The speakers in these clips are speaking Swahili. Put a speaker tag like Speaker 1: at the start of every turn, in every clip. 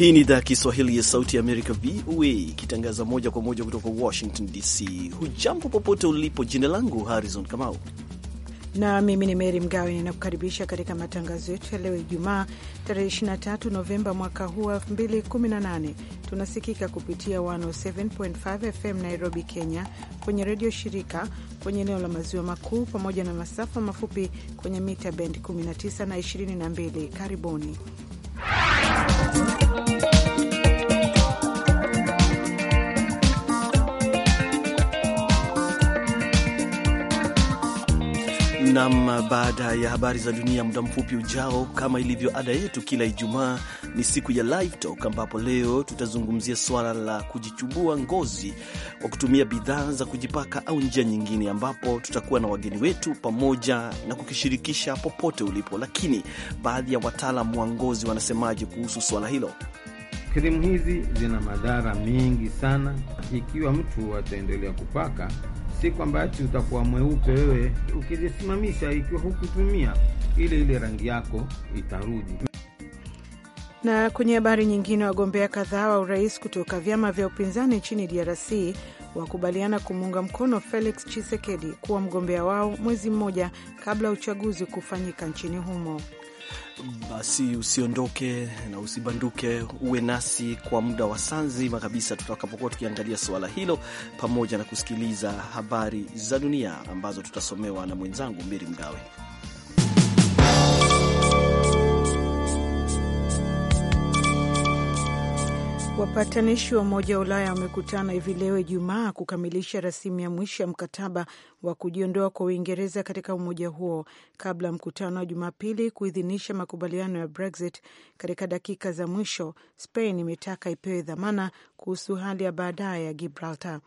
Speaker 1: Hii ni idhaa ya Kiswahili ya Sauti ya Amerika, VOA, ikitangaza moja kwa moja kutoka Washington DC. Hujambo popote ulipo. Jina langu Harrison Kamau
Speaker 2: na mimi ni Meri Mgawe, ninakukaribisha katika matangazo yetu ya leo Ijumaa, tarehe 23 Novemba mwaka huu 2018. Tunasikika kupitia 107.5 FM Nairobi, Kenya, kwenye redio shirika kwenye eneo la maziwa makuu, pamoja na masafa mafupi kwenye mita bend 19 na 22. Karibuni
Speaker 1: Nam, baada ya habari za dunia muda mfupi ujao, kama ilivyo ada yetu kila Ijumaa, ni siku ya Live Talk ambapo leo tutazungumzia swala la kujichubua ngozi kwa kutumia bidhaa za kujipaka au njia nyingine, ambapo tutakuwa na wageni wetu pamoja na kukishirikisha popote ulipo. Lakini baadhi ya wataalamu wa ngozi wanasemaje kuhusu swala hilo?
Speaker 3: Krimu hizi zina madhara mengi sana. Ikiwa mtu ataendelea kupaka siku ambayo utakuwa mweupe wewe, ukizisimamisha ikiwa hukutumia ile ile rangi yako itarudi.
Speaker 2: Na kwenye habari nyingine, wagombea kadhaa wa urais kutoka vyama vya upinzani nchini DRC wakubaliana kumuunga mkono Felix Tshisekedi kuwa mgombea wao mwezi mmoja kabla ya uchaguzi kufanyika nchini humo.
Speaker 1: Basi usiondoke na usibanduke, uwe nasi kwa muda wa saa nzima kabisa tutakapokuwa tukiangalia suala hilo pamoja na kusikiliza habari za dunia ambazo tutasomewa na mwenzangu mberi Mgawe.
Speaker 2: Wapatanishi wa Umoja wa Ulaya wamekutana hivi leo Ijumaa kukamilisha rasimu ya mwisho ya mkataba wa kujiondoa kwa Uingereza katika umoja huo kabla ya mkutano wa Jumapili kuidhinisha makubaliano ya Brexit. Katika dakika za mwisho, Spain imetaka ipewe dhamana kuhusu hali ya baadaye ya Gibraltar.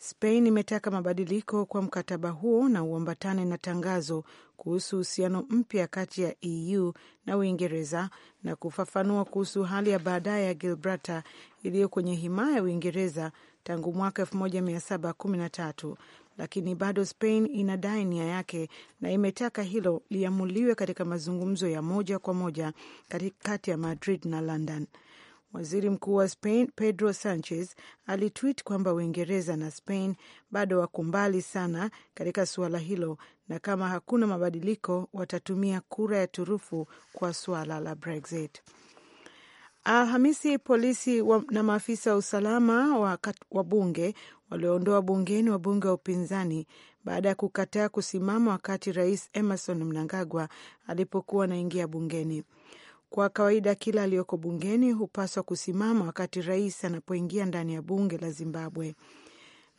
Speaker 2: Spain imetaka mabadiliko kwa mkataba huo na uambatane na tangazo kuhusu uhusiano mpya kati ya EU na Uingereza na kufafanua kuhusu hali ya baadaye ya Gibraltar iliyo kwenye himaya ya Uingereza tangu mwaka 1713 lakini bado Spain inadai nia yake na imetaka hilo liamuliwe katika mazungumzo ya moja kwa moja kati ya Madrid na London. Waziri mkuu wa Spain Pedro Sanchez alitwit kwamba Uingereza na Spain bado wako mbali sana katika suala hilo, na kama hakuna mabadiliko watatumia kura ya turufu kwa suala la Brexit. Alhamisi polisi wa, na maafisa wa usalama wa, wa bunge walioondoa bungeni wabunge wa upinzani baada ya kukataa kusimama wakati rais Emerson Mnangagwa alipokuwa anaingia bungeni. Kwa kawaida kila aliyoko bungeni hupaswa kusimama wakati rais anapoingia ndani ya bunge la Zimbabwe.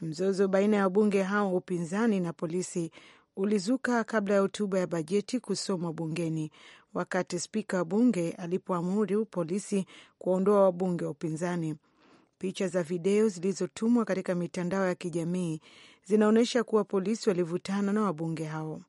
Speaker 2: Mzozo baina ya wabunge hao wa upinzani na polisi ulizuka kabla ya hotuba ya bajeti kusomwa bungeni, wakati spika wa bunge alipoamuru polisi kuwaondoa wabunge wa upinzani. Picha za video zilizotumwa katika mitandao ya kijamii zinaonyesha kuwa polisi walivutana na wabunge hao.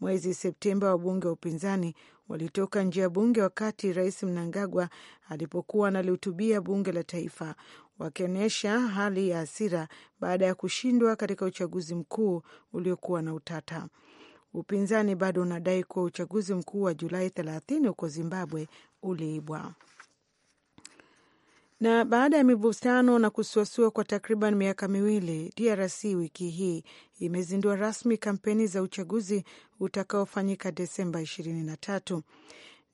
Speaker 2: Mwezi Septemba, wabunge wa upinzani walitoka nje ya bunge wakati Rais Mnangagwa alipokuwa analihutubia bunge la taifa, wakionyesha hali ya hasira baada ya kushindwa katika uchaguzi mkuu uliokuwa na utata. Upinzani bado unadai kuwa uchaguzi mkuu wa Julai 30 huko Zimbabwe uliibwa. Na baada ya mivutano na kusuasua kwa takriban miaka miwili, DRC wiki hii imezindua rasmi kampeni za uchaguzi utakaofanyika Desemba 23.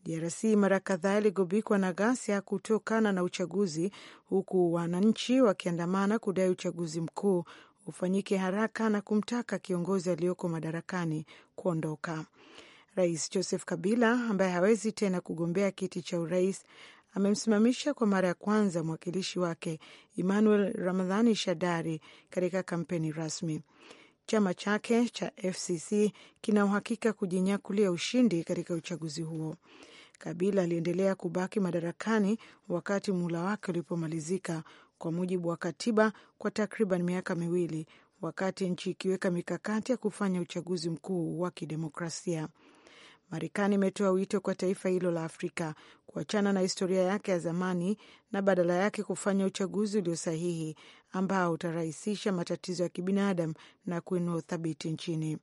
Speaker 2: DRC mara kadhaa iligubikwa na ghasia kutokana na uchaguzi, huku wananchi wakiandamana kudai uchaguzi mkuu ufanyike haraka na kumtaka kiongozi aliyoko madarakani kuondoka. Rais Joseph Kabila ambaye hawezi tena kugombea kiti cha urais amemsimamisha kwa mara ya kwanza mwakilishi wake Emmanuel Ramadhani Shadari katika kampeni rasmi. Chama chake cha FCC kina uhakika kujinyakulia ushindi katika uchaguzi huo. Kabila aliendelea kubaki madarakani wakati muhula wake ulipomalizika kwa mujibu wa katiba kwa takriban miaka miwili, wakati nchi ikiweka mikakati ya kufanya uchaguzi mkuu wa kidemokrasia. Marekani imetoa wito kwa taifa hilo la Afrika kuachana na historia yake ya zamani na badala yake kufanya uchaguzi ulio sahihi ambao utarahisisha matatizo ya kibinadamu na kuinua uthabiti nchini.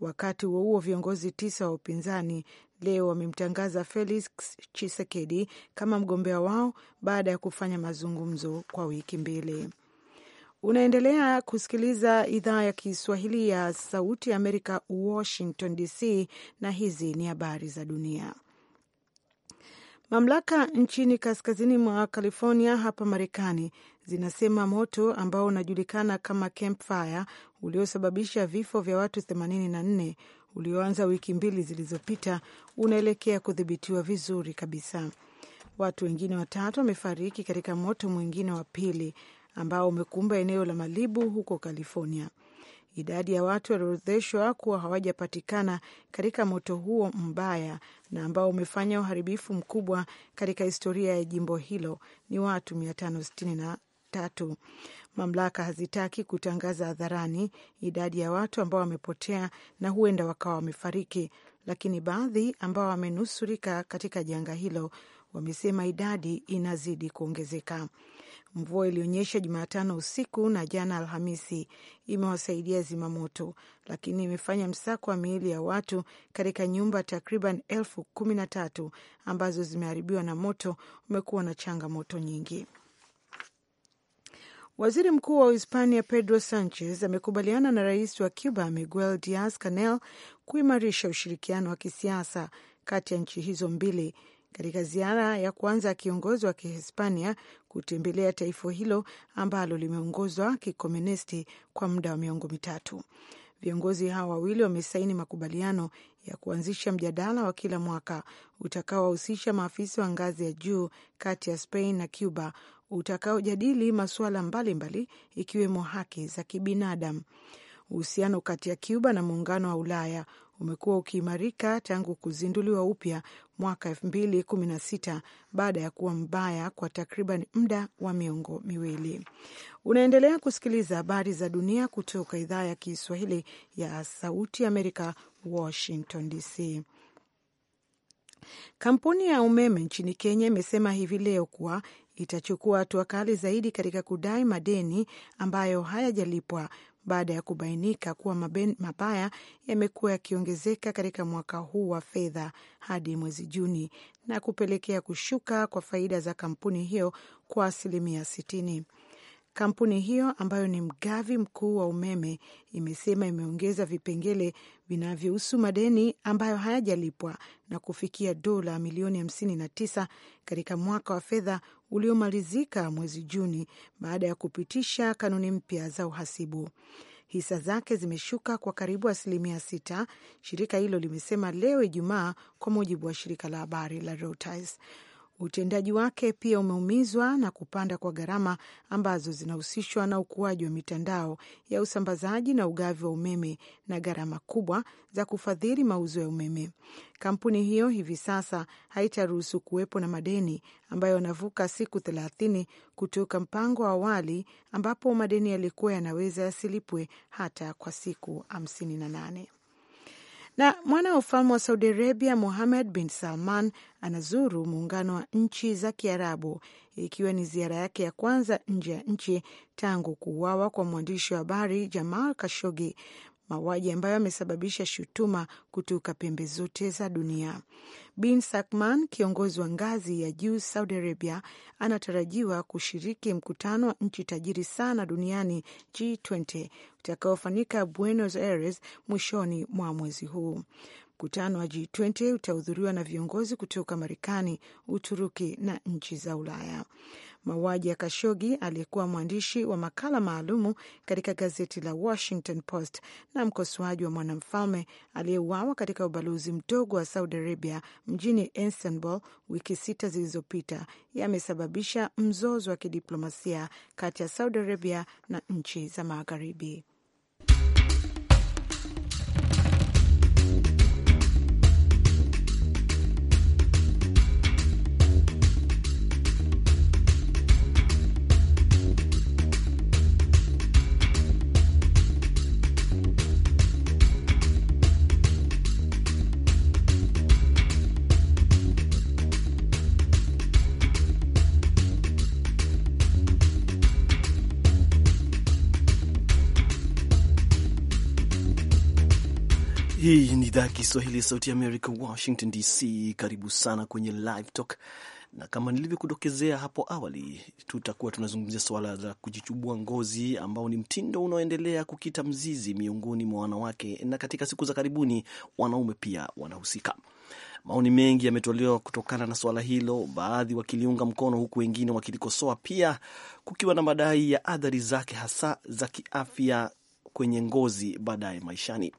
Speaker 2: Wakati huo huo, viongozi tisa wa upinzani leo wamemtangaza Felix chisekedi kama mgombea wao baada ya kufanya mazungumzo kwa wiki mbili. Unaendelea kusikiliza idhaa ya Kiswahili ya Sauti ya Amerika, Washington DC, na hizi ni habari za dunia. Mamlaka nchini kaskazini mwa California hapa Marekani zinasema moto ambao unajulikana kama Camp Fire uliosababisha vifo vya watu 84 ulioanza wiki mbili zilizopita unaelekea kudhibitiwa vizuri kabisa. Watu wengine watatu wamefariki katika moto mwingine wa pili ambao umekumba eneo la Malibu huko California. Idadi ya watu waliorodheshwa kuwa hawajapatikana katika moto huo mbaya na ambao umefanya uharibifu mkubwa katika historia ya jimbo hilo ni watu 563. Mamlaka hazitaki kutangaza hadharani idadi ya watu ambao wamepotea na huenda wakawa wamefariki, lakini baadhi ambao wamenusurika katika janga hilo wamesema idadi inazidi kuongezeka. Mvua ilionyesha Jumatano usiku na jana Alhamisi imewasaidia zimamoto, lakini imefanya msako wa miili ya watu katika nyumba takriban elfu kumi na tatu ambazo zimeharibiwa na moto umekuwa na changamoto nyingi. Waziri Mkuu wa Uhispania Pedro Sanchez amekubaliana na rais wa Cuba Miguel Diaz Canel kuimarisha ushirikiano wa kisiasa kati ya nchi hizo mbili katika ziara ya kwanza ya kiongozi wa Kihispania kutembelea taifa hilo ambalo limeongozwa kikomunisti kwa muda wa miongo mitatu. Viongozi hawa wawili wamesaini makubaliano ya kuanzisha mjadala wa kila mwaka utakaowahusisha maafisa wa ngazi ya juu kati ya Spain na Cuba utakaojadili masuala mbalimbali ikiwemo haki za kibinadamu. Uhusiano kati ya Cuba na Muungano wa Ulaya umekuwa ukiimarika tangu kuzinduliwa upya mwaka elfu mbili kumi na sita baada ya kuwa mbaya kwa takriban muda wa miongo miwili. Unaendelea kusikiliza habari za dunia kutoka idhaa ya Kiswahili ya Sauti Amerika, Washington DC. Kampuni ya umeme nchini Kenya imesema hivi leo kuwa itachukua hatua kali zaidi katika kudai madeni ambayo hayajalipwa baada ya kubainika kuwa maben mabaya yamekuwa yakiongezeka katika mwaka huu wa fedha hadi mwezi Juni na kupelekea kushuka kwa faida za kampuni hiyo kwa asilimia sitini. Kampuni hiyo ambayo ni mgavi mkuu wa umeme imesema imeongeza vipengele vinavyohusu madeni ambayo hayajalipwa na kufikia dola milioni 59 katika mwaka wa fedha uliomalizika mwezi Juni baada ya kupitisha kanuni mpya za uhasibu. Hisa zake zimeshuka kwa karibu asilimia sita, shirika hilo limesema leo Ijumaa, kwa mujibu wa shirika la habari la Reuters. Utendaji wake pia umeumizwa na kupanda kwa gharama ambazo zinahusishwa na ukuaji wa mitandao ya usambazaji na ugavi wa umeme na gharama kubwa za kufadhili mauzo ya umeme. Kampuni hiyo hivi sasa haitaruhusu kuwepo na madeni ambayo yanavuka siku thelathini kutoka mpango wa awali ambapo madeni yalikuwa yanaweza yasilipwe hata kwa siku hamsini na nane. Na mwana wa ufalme wa Saudi Arabia Muhamed bin Salman anazuru muungano wa nchi za Kiarabu, ikiwa ni ziara yake ya kwanza nje ya nchi tangu kuuawa kwa mwandishi wa habari Jamal Kashogi mauaji ambayo yamesababisha shutuma kutoka pembe zote za dunia. Bin Salman, kiongozi wa ngazi ya juu Saudi Arabia, anatarajiwa kushiriki mkutano wa nchi tajiri sana duniani G20 utakaofanyika Buenos Aires mwishoni mwa mwezi huu. Mkutano wa G20 utahudhuriwa na viongozi kutoka Marekani, Uturuki na nchi za Ulaya. Mauaji ya Kashogi aliyekuwa mwandishi wa makala maalumu katika gazeti la Washington Post na mkosoaji wa mwanamfalme aliyeuawa katika ubalozi mdogo wa Saudi Arabia mjini Istanbul wiki sita zilizopita yamesababisha mzozo wa kidiplomasia kati ya Saudi Arabia na nchi za Magharibi.
Speaker 1: idhaa ya Kiswahili ya Sauti ya Amerika, Washington DC. Karibu sana kwenye Live Talk, na kama nilivyokudokezea hapo awali, tutakuwa tunazungumzia suala la kujichubua ngozi ambao ni mtindo unaoendelea kukita mzizi miongoni mwa wanawake, na katika siku za karibuni wanaume pia wanahusika. Maoni mengi yametolewa kutokana na suala hilo, baadhi wakiliunga mkono, huku wengine wakilikosoa, pia kukiwa na madai ya adhari zake hasa za kiafya kwenye ngozi baadaye maishani.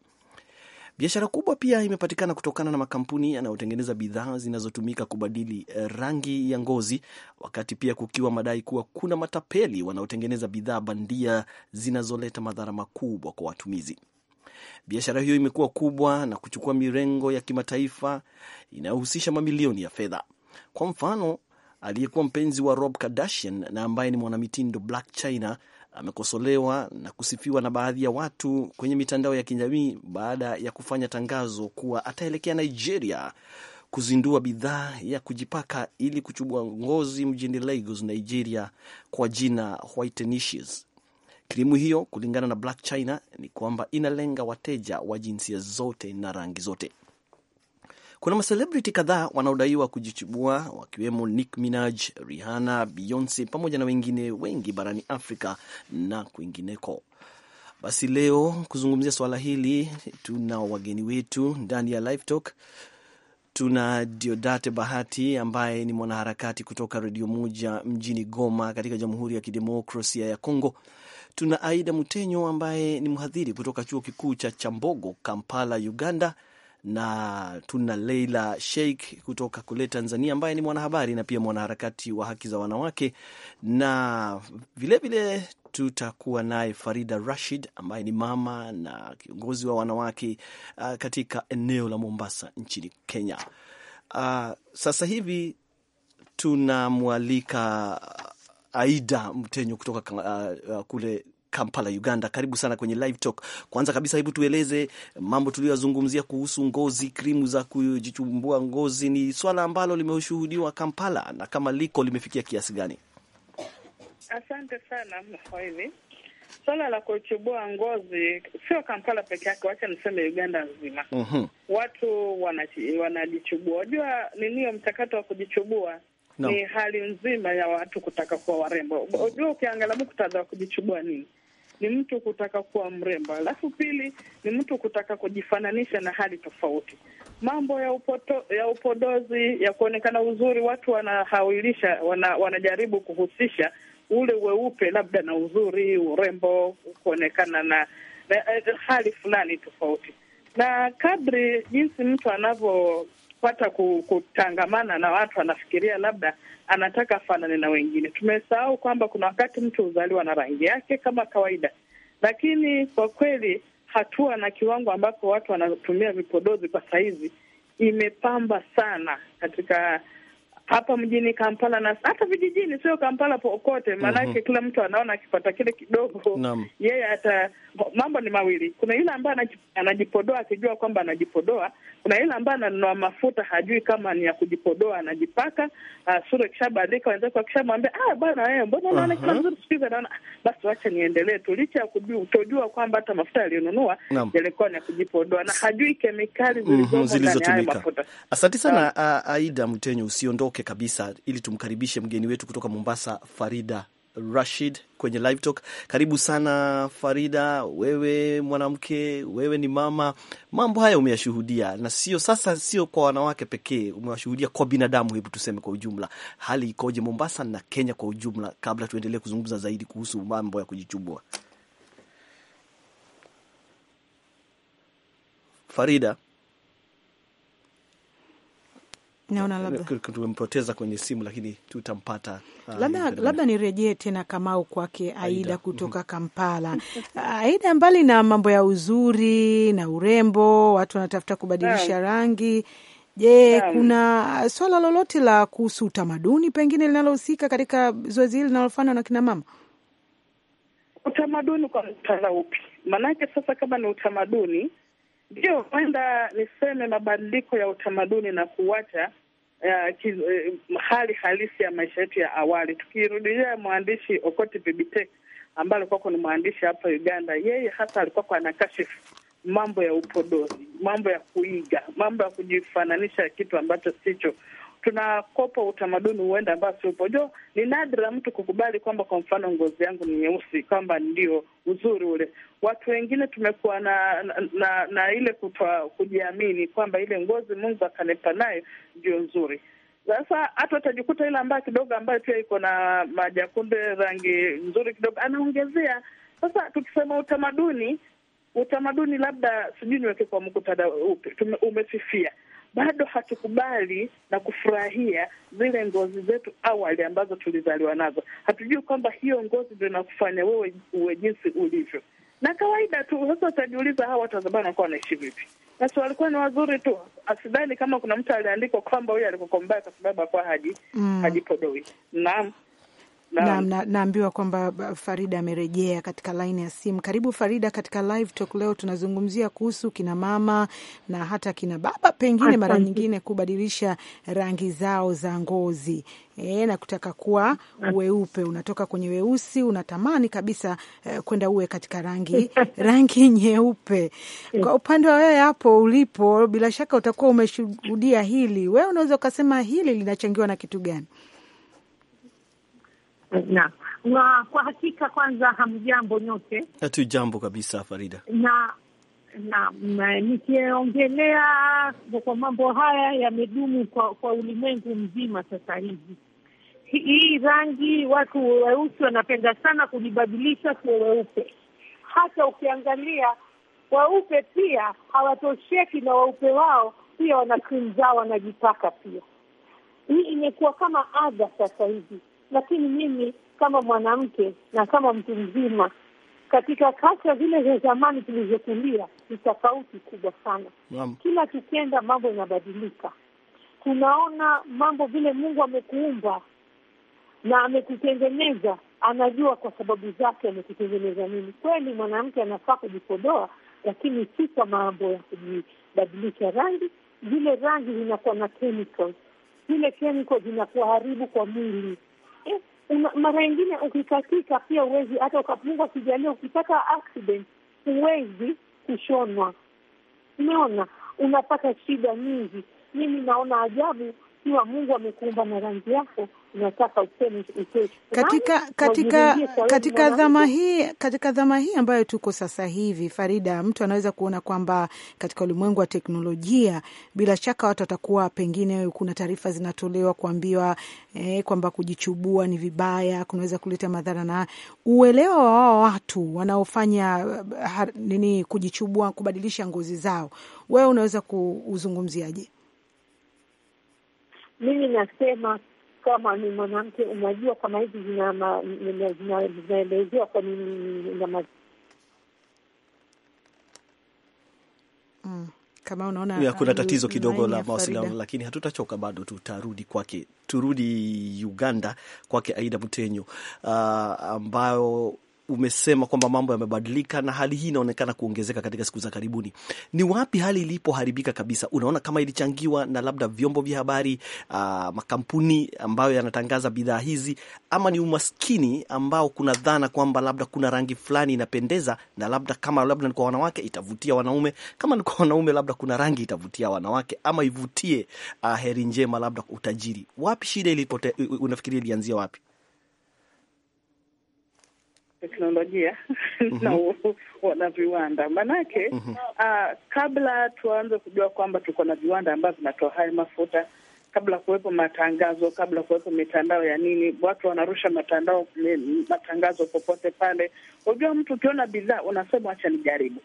Speaker 1: Biashara kubwa pia imepatikana kutokana na makampuni yanayotengeneza bidhaa zinazotumika kubadili eh, rangi ya ngozi, wakati pia kukiwa madai kuwa kuna matapeli wanaotengeneza bidhaa bandia zinazoleta madhara makubwa kwa watumizi. Biashara hiyo imekuwa kubwa na kuchukua mirengo ya kimataifa inayohusisha mamilioni ya fedha. Kwa mfano, aliyekuwa mpenzi wa Rob Kardashian na ambaye ni mwanamitindo Black China amekosolewa na kusifiwa na baadhi ya watu kwenye mitandao ya kijamii baada ya kufanya tangazo kuwa ataelekea Nigeria kuzindua bidhaa ya kujipaka ili kuchubua ngozi mjini Lagos, Nigeria, kwa jina Whitenishes. Krimu hiyo kulingana na Black China ni kwamba inalenga wateja wa jinsia zote na rangi zote. Kuna maselebrity kadhaa wanaodaiwa kujichubua wakiwemo Nick Minaj, Rihanna, Beyonce pamoja na wengine wengi barani Afrika na kwingineko. Basi leo kuzungumzia swala hili tuna wageni wetu ndani ya Live Talk. Tuna Diodate Bahati ambaye ni mwanaharakati kutoka redio moja mjini Goma katika Jamhuri ya Kidemokrasia ya Kongo. Tuna Aida Mutenyo ambaye ni mhadhiri kutoka chuo kikuu cha Chambogo, Kampala, Uganda, na tuna Leila Sheikh kutoka kule Tanzania, ambaye ni mwanahabari na pia mwanaharakati wa haki za wanawake, na vilevile tutakuwa naye Farida Rashid ambaye ni mama na kiongozi wa wanawake uh, katika eneo la Mombasa nchini Kenya. Uh, sasa hivi tunamwalika Aida Mtenyo kutoka uh, uh, kule Kampala, Uganda. Karibu sana kwenye Live Talk. Kwanza kabisa, hebu tueleze mambo tuliyozungumzia kuhusu ngozi, krimu za kujichumbua ngozi. Ni swala ambalo limeshuhudiwa Kampala, na kama liko limefikia kiasi gani?
Speaker 4: Asante sana mhwaili. Swala la kuchubua ngozi sio Kampala peke yake, wacha niseme Uganda nzima. mm -hmm. Watu wanajichubua, wajua niniyo mchakato wa kujichubua no. Ni hali nzima ya watu kutaka kuwa warembo. Wajua, ukiangalia muktadha wa kujichubua nini ni mtu kutaka kuwa mrembo, alafu pili ni mtu kutaka kujifananisha na hali tofauti, mambo ya upoto, ya upodozi ya kuonekana uzuri. Watu wanahawilisha wana, wanajaribu kuhusisha ule weupe labda na uzuri, urembo, kuonekana na, na, na eh, hali fulani tofauti, na kadri jinsi mtu anavyo kupata kutangamana na watu, anafikiria labda anataka afanane na wengine. Tumesahau kwamba kuna wakati mtu huzaliwa na rangi yake kama kawaida, lakini kwa kweli hatua na kiwango ambapo watu wanatumia vipodozi kwa sahizi imepamba sana katika hapa mjini Kampala na hata vijijini, sio Kampala pokote, maanake mm -hmm. Kila mtu anaona akipata kile kidogo yeye ata mambo ni mawili. Kuna yule ambaye anajipodoa akijua kwamba anajipodoa, kuna yule ambaye ananunua mafuta hajui kama ni ya kujipodoa, anajipaka uh, sura ikishabadilika, wenzake wakishamwambia ah, bwana wewe, mbona unaonekana mzuri siku hizi, anaona ah, basi, wacha niendelee tu, licha ya kutojua kwamba hata mafuta yaliyonunua yalikuwa ni ya kujipodoa na hajui kemikali mhm, zilizotumika. ndani ya mafuta.
Speaker 1: Asante ah. sana Aida Mtenyo, usiondoke kabisa, ili tumkaribishe mgeni wetu kutoka Mombasa, Farida Rashid kwenye Live Talk. Karibu sana Farida, wewe mwanamke, wewe ni mama, mambo haya umeyashuhudia, na sio sasa, sio kwa wanawake pekee, umewashuhudia kwa binadamu. Hebu tuseme kwa ujumla, hali ikoje Mombasa na Kenya kwa ujumla, kabla tuendelee kuzungumza zaidi kuhusu mambo ya kujichubua? Farida naona labda tumempoteza kwenye simu, lakini tutampata. Uh, labda labda
Speaker 2: nirejee tena Kamau kwake Aida mhm. kutoka Kampala. Uh, Aida, mbali na mambo ya uzuri na urembo, watu wanatafuta kubadilisha rangi Je, kuna swala lolote la kuhusu utamaduni pengine linalohusika katika zoezi hili linalofanywa na kina mama?
Speaker 4: Utamaduni kwa mtala upi? Maanake sasa kama ni utamaduni ndio, huenda niseme mabadiliko ya utamaduni na kuwacha uh, uh, hali halisi ya maisha yetu ya awali. Tukirudilia mwandishi Okoti Bibitek ambaye alikuwako ni mwandishi hapa Uganda, yeye hasa alikuwako anakashifu mambo ya upodozi, mambo ya kuiga, mambo ya kujifananisha kitu ambacho sicho tunakopa utamaduni huenda ambao si upo. Jo, ni nadra mtu kukubali kwamba kwa mfano ngozi yangu ni nyeusi, kwamba ndio uzuri ule. Watu wengine tumekuwa na na, na, na ile kutoa kujiamini kwamba ile ngozi Mungu akanepa nayo ndio nzuri. Sasa hata utajikuta ile ambayo kidogo ambayo pia iko na majakunde rangi nzuri kidogo anaongezea. Sasa tukisema utamaduni, utamaduni labda sijui niweke kwa mkutada upi, umefifia bado hatukubali na kufurahia zile ngozi zetu awali ambazo tulizaliwa nazo. Hatujui kwamba hiyo ngozi ndio inakufanya wewe uwe jinsi ulivyo, na kawaida tu. Sasa utajiuliza hawa watazabana wa wanaishi vipi? Basi walikuwa ni wazuri tu. Asidhani kama kuna mtu aliandikwa kwamba huyu alikokombaya kwa sababu akuwa haji, mm. hajipodoi. Naam. Naambiwa
Speaker 2: na, naambiwa kwamba Farida amerejea katika laini ya simu. Karibu Farida katika live talk. Leo tunazungumzia kuhusu kina mama na hata kina baba pengine mara nyingine kubadilisha rangi zao za ngozi e, na kutaka kuwa weupe, unatoka kwenye weusi unatamani kabisa eh, kwenda uwe katika rangi rangi nyeupe. Kwa upande wa wewe hapo ulipo, bila shaka utakuwa umeshuhudia hili. Wewe unaweza ukasema hili linachangiwa na kitu gani?
Speaker 1: na,
Speaker 5: na kwa hakika kwanza, hamjambo nyote?
Speaker 1: jambo kabisa Farida.
Speaker 5: Na na nikiongelea kwa mambo haya yamedumu kwa, kwa ulimwengu mzima sasa hivi hii rangi, watu weusi wanapenda sana kujibadilisha kuwa weupe. Hata ukiangalia weupe pia hawatosheki na weupe wao, pia wana krimu zao wanajipaka pia. Hii imekuwa kama adha sasa hivi lakini mimi kama mwanamke na kama mtu mzima katika kasa zile za zamani tulizokulia ni tofauti kubwa sana. Mama, kila tukienda mambo yanabadilika, tunaona mambo vile Mungu amekuumba na amekutengeneza, anajua kwa sababu zake amekutengeneza nini. Kweli mwanamke anafaa kujipodoa, lakini si kwa mambo ya kujibadilisha rangi. Zile rangi zinakuwa na chemicals, zile chemicals haribu kwa mwili Eh, mara nyingine ukikatika pia huwezi hata ukapungwa kijalia, ukipata accident huwezi kushonwa. Umeona, unapata shida nyingi. Mimi naona ajabu, ikiwa Mungu amekuumba na rangi yako nataka useme katika katika katika dhama hii
Speaker 2: katika dhama hii ambayo tuko sasa hivi, Farida, mtu anaweza kuona kwamba katika ulimwengu wa teknolojia, bila shaka watu watakuwa pengine, kuna taarifa zinatolewa kuambiwa eh, kwamba kujichubua ni vibaya, kunaweza kuleta madhara, na uelewa wa wao watu wanaofanya eh, nini, kujichubua, kubadilisha ngozi zao, wewe unaweza kuuzungumziaje?
Speaker 5: Mimi nasema kama ni mwanamke, unajua kama hizi zinaelezewa kwa nini
Speaker 2: mm, kama unaona kuna tatizo kidogo la mawasiliano,
Speaker 1: lakini hatutachoka bado, tutarudi kwake. Turudi Uganda kwake Aida Mtenyo, uh, ambayo umesema kwamba mambo yamebadilika na hali hii inaonekana kuongezeka katika siku za karibuni. Ni wapi hali ilipoharibika kabisa? Unaona kama ilichangiwa na labda vyombo vya habari, uh, makampuni ambayo yanatangaza bidhaa hizi, ama ni umaskini ambao kuna dhana kwamba labda kuna rangi fulani inapendeza, na labda kama labda ni kwa wanawake itavutia wanaume, kama ni kwa wanaume labda kuna rangi itavutia wanawake, ama ivutie uh, heri njema, labda utajiri. Wapi shida ilipote, unafikiria ilianzia wapi?
Speaker 4: teknolojia mm -hmm. na mhm. wana viwanda manake, mm -hmm. uh, kabla tuanze kujua kwamba tuko na viwanda ambavyo vinatoa haya mafuta, kabla kuwepo matangazo, kabla kuwepo mitandao ya nini, watu wanarusha matandao matangazo popote pale. Unajua, mtu ukiona bidhaa unasema acha nijaribu,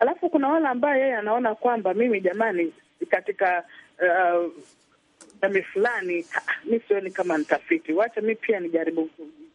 Speaker 4: alafu kuna wale ambaye yeye anaona kwamba mimi, jamani, katika uh, jamii fulani ah, mi sioni kama nitafiti, wacha mi pia nijaribu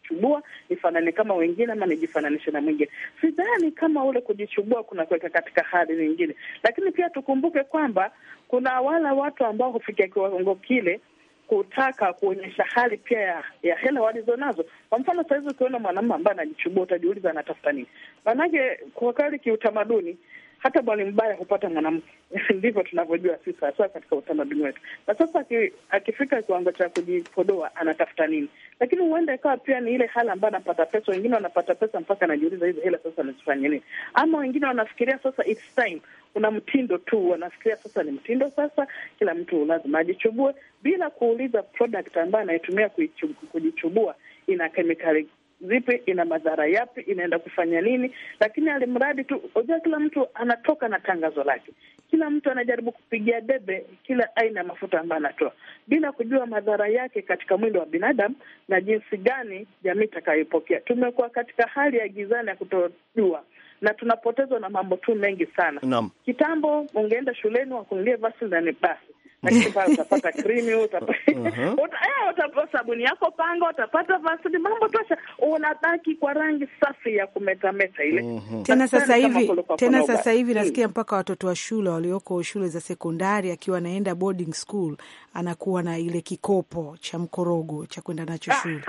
Speaker 4: kujichubua nifanane kama wengine ama nijifananishe na mwingine. Sidhani kama ule kujichubua kuna kuweka katika hali nyingine, lakini pia tukumbuke kwamba kuna wala watu ambao hufikia kiwango kile kutaka kuonyesha hali pia ya, ya hela walizonazo. Kwa mfano, sahizi ukiona mwanamume ambaye anajichubua utajiuliza anatafuta nini? Maanake kwa kweli kiutamaduni hata bwali mbaya hupata mwanamke. Ndivyo tunavyojua sisi hasa katika utamaduni wetu. Na sasa akifika kiwango cha kujipodoa anatafuta nini? Lakini huenda ikawa pia ni ile hali ambayo anapata pesa. Wengine wanapata pesa mpaka anajiuliza hizo hela sasa nazifanya nini? Ama wengine wanafikiria sasa it's time, kuna mtindo tu, wanafikiria sasa ni mtindo, sasa kila mtu lazima ajichubue, bila kuuliza product ambayo anaitumia kujichubua ina kemikali zipi, ina madhara yapi, inaenda kufanya nini, lakini alimradi tu ujua, kila mtu anatoka na tangazo lake, kila mtu anajaribu kupigia debe kila aina ya mafuta ambayo anatoa bila kujua madhara yake katika mwili wa binadamu na jinsi gani jamii itakayoipokea. Tumekuwa katika hali ya gizani ya kutojua na tunapotezwa na mambo tu mengi sana. Naam. Kitambo ungeenda shuleni wakuingie basi basi utapata uh-huh. eh, utapata sabuni yako panga, utapata vasili, mambo tosha. Unabaki kwa rangi safi ya kumetameta ile. Mm-hmm.
Speaker 2: Tena sasa hivi tena sasa hivi nasikia mm. mpaka watoto wa shule walioko shule za sekondari, akiwa anaenda boarding school anakuwa na ile kikopo cha mkorogo
Speaker 4: cha kwenda nacho shule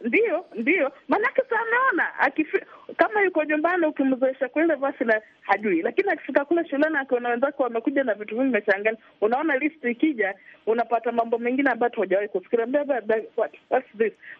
Speaker 4: ndio ndio maanake sa ameona akifi, kama yuko nyumbani ukimzoesha kule basi la hajui, lakini akifika kule shuleni akiona wenzake wamekuja na vitu vingi vimechangana, unaona list ikija, unapata mambo mengine ambayo hujawahi kufikira. What's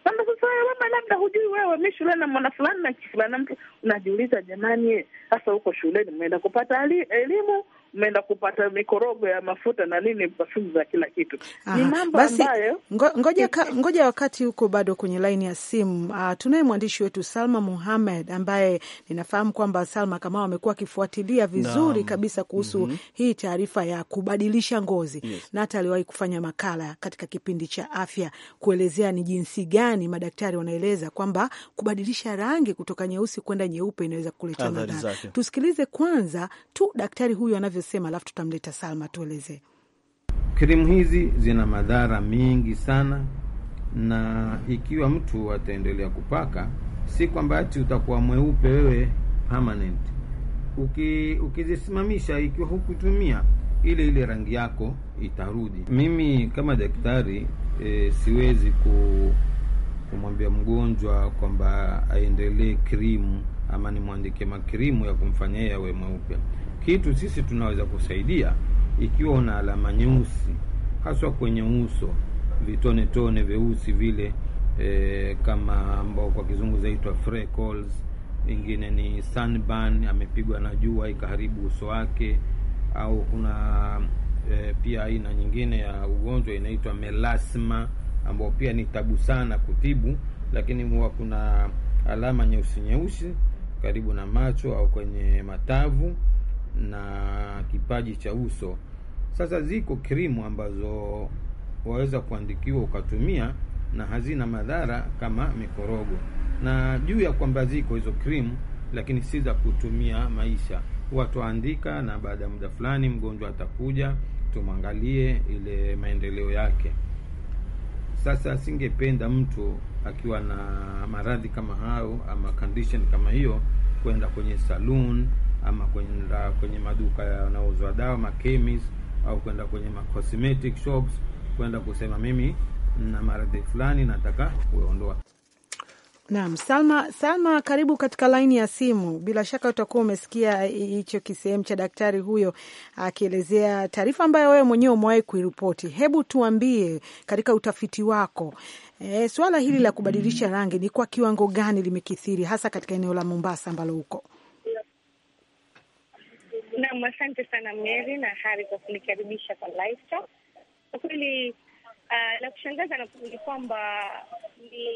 Speaker 4: sasa labda hujui wewe, mi shuleni na mwana fulani na kifulani mtu, unajiuliza jamani, sasa huko shuleni mmeenda kupata elimu umeenda kupata mikorogo ya mafuta na nini, perfume za kila kitu. Aha, ni mambo ambayo ngoja
Speaker 2: ka, ngoja, wakati huko bado kwenye laini ya simu uh, tunaye mwandishi wetu Salma Muhamed ambaye ninafahamu kwamba Salma kama amekuwa akifuatilia vizuri na kabisa kuhusu mm -hmm. hii taarifa ya kubadilisha ngozi yes. na hata aliwahi kufanya makala katika kipindi cha afya kuelezea ni jinsi gani madaktari wanaeleza kwamba kubadilisha rangi kutoka nyeusi kwenda nyeupe inaweza kuleta madhara. Tusikilize kwanza tu daktari huyu anavyo anasema, alafu tutamleta Salma tueleze.
Speaker 3: Krimu hizi zina madhara mengi sana, na ikiwa mtu ataendelea kupaka, si kwamba ati utakuwa mweupe wewe permanent. Uki, ukizisimamisha ikiwa hukutumia ile ile rangi yako itarudi. Mimi kama daktari e, siwezi ku kumwambia mgonjwa kwamba aendelee krimu ama nimwandike makrimu ya kumfanya yeye awe mweupe kitu sisi tunaweza kusaidia, ikiwa una alama nyeusi haswa kwenye uso, vitone tone vyeusi vile e, kama ambao kwa kizungu zaitwa freckles, ingine ni sunburn, amepigwa na jua ikaharibu uso wake, au kuna e, pia aina nyingine ya ugonjwa inaitwa melasma ambao pia ni tabu sana kutibu, lakini huwa kuna alama nyeusi nyeusi karibu na macho au kwenye matavu na kipaji cha uso. Sasa ziko krimu ambazo waweza kuandikiwa ukatumia na hazina madhara kama mikorogo, na juu ya kwamba ziko hizo krimu, lakini si za kutumia maisha. Watuandika na baada ya muda fulani mgonjwa atakuja tumwangalie ile maendeleo yake. Sasa singependa mtu akiwa na maradhi kama hayo ama condition kama hiyo kwenda kwenye saloon ama kwenda kwenye maduka yanayouzwa dawa machemis, au kwenda kwenye cosmetic shops, kwenda kusema mimi na maradhi fulani nataka kuondoa.
Speaker 2: Naam, Salma, Salma, karibu katika laini ya simu. Bila shaka utakuwa umesikia hicho kisehemu cha daktari huyo akielezea taarifa ambayo wewe mwenyewe umewahi kuiripoti. Hebu tuambie katika utafiti wako, e, eh, suala hili la kubadilisha rangi ni kwa kiwango gani limekithiri hasa katika eneo la Mombasa ambalo huko
Speaker 6: Naam, asante sana Mary na Hari kwa kunikaribisha kwa live talk. Kwa kweli uh, la kushangaza ni kwamba ni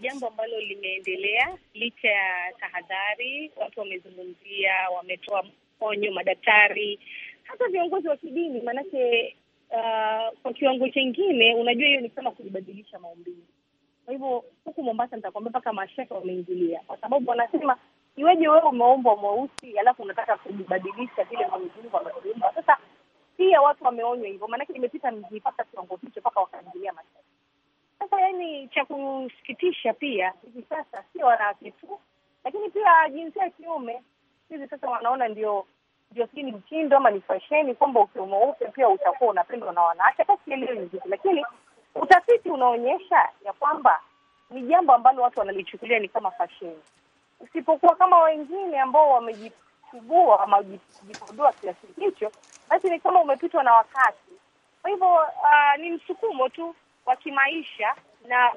Speaker 6: jambo ambalo limeendelea licha ya tahadhari. Watu wamezungumzia, wametoa onyo, madaktari, hata viongozi wa kidini, maanake uh, kwa kiwango chengine, unajua hiyo ni kama kujibadilisha maumbili. Kwa hivyo huku Mombasa nitakwambia mpaka mashaka wameingilia, kwa sababu wanasema iweje wewe umeombwa mweusi alafu unataka kujibadilisha vile mzungu Mungu Sasa pia watu wameonywa hivyo, maanake nimepita mji paka kiwango hicho mpaka wakaingilia mashtaki. Sasa yani, cha kusikitisha pia hivi sasa sio wanawake tu, lakini pia jinsia ya kiume hivi sasa wanaona ndio ndio sijui ni mtindo ama ni fasheni kwamba ukiwa mweupe pia utakuwa unapendwa na wanawake. Hata sielewi ni lakini utafiti unaonyesha ya kwamba ni jambo ambalo watu wanalichukulia ni kama fasheni usipokuwa kama wengine ambao wamejipugua ama kujipodoa kiasi hicho, basi ni kama umepitwa na wakati. Kwa hivyo uh, ni msukumo tu wa kimaisha, na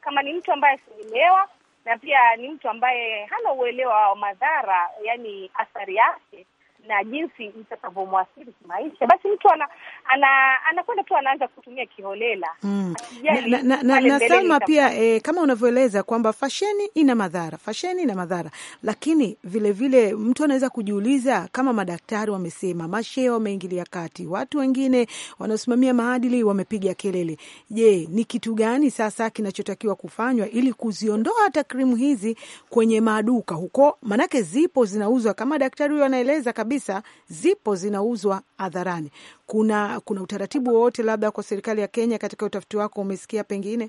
Speaker 6: kama ni mtu ambaye asielewa na pia ni mtu ambaye hana uelewa wa madhara, yani athari yake na jinsi itakavyomwathiri kimaisha, basi mtu ana, ana, tu anaanza kutumia kiholela mm. na, na, na, na Salma pia
Speaker 2: e, kama unavyoeleza kwamba fasheni ina madhara, fasheni ina madhara, lakini vilevile vile, mtu anaweza kujiuliza kama madaktari wamesema, mashehe wameingilia kati, watu wengine wanaosimamia maadili wamepiga kelele. Je, ni kitu gani sasa kinachotakiwa kufanywa ili kuziondoa takrimu hizi kwenye maduka huko? Maanake zipo zinauzwa kama daktari huyo anaeleza kabisa kabisa zipo zinauzwa hadharani. Kuna kuna utaratibu wowote labda kwa serikali ya Kenya katika utafiti wako umesikia pengine?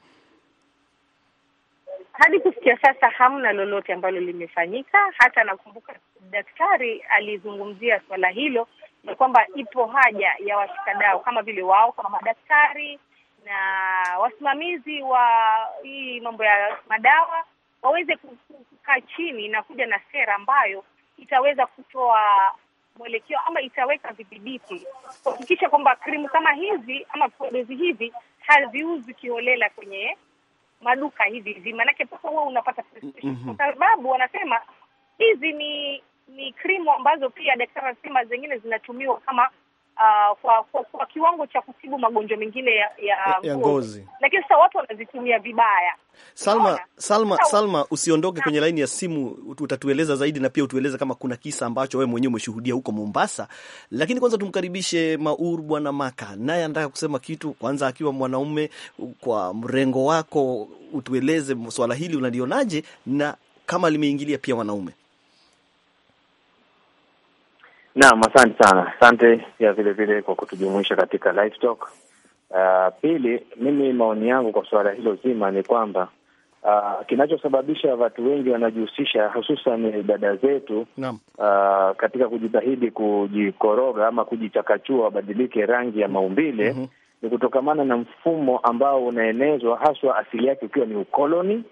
Speaker 6: Hadi kufikia sasa hamna lolote ambalo limefanyika. Hata nakumbuka daktari alizungumzia swala hilo na kwamba ipo haja ya washikadau kama vile wao kama madaktari na wasimamizi wa hii mambo ya madawa waweze kukaa chini na kuja na sera ambayo itaweza kutoa mwelekeo ama itaweka vidhibiti kuhakikisha kwamba krimu kama hizi ama podozi hivi haziuzwi kiholela kwenye maduka hivi hivi, maanake mpaka huwa unapata prescription, mm-hmm. kwa sababu wanasema hizi ni ni krimu ambazo pia daktari anasema zingine zinatumiwa kama uh, kwa, kwa, kwa kiwango cha kutibu magonjwa mengine ya, ya, ya ngozi, lakini sasa watu wanazitumia vibaya.
Speaker 1: Salma Salma Sao? Salma, usiondoke kwenye laini ya simu, utatueleza zaidi na pia utueleza kama kuna kisa ambacho wewe mwenyewe umeshuhudia huko Mombasa, lakini kwanza tumkaribishe Maur Bwana Maka, naye anataka kusema kitu kwanza, akiwa mwanaume kwa mrengo wako, utueleze swala hili unalionaje na kama limeingilia pia wanaume
Speaker 7: Naam, asante sana. Asante pia vile vile kwa kutujumuisha katika talk. Uh, pili, mimi maoni yangu kwa suala hilo zima ni kwamba uh, kinachosababisha watu wengi wanajihusisha hususan dada zetu uh, katika kujitahidi kujikoroga ama kujichakachua wabadilike rangi ya maumbile mm -hmm. ni kutokamana na mfumo ambao unaenezwa haswa, asili yake ukiwa ni ukoloni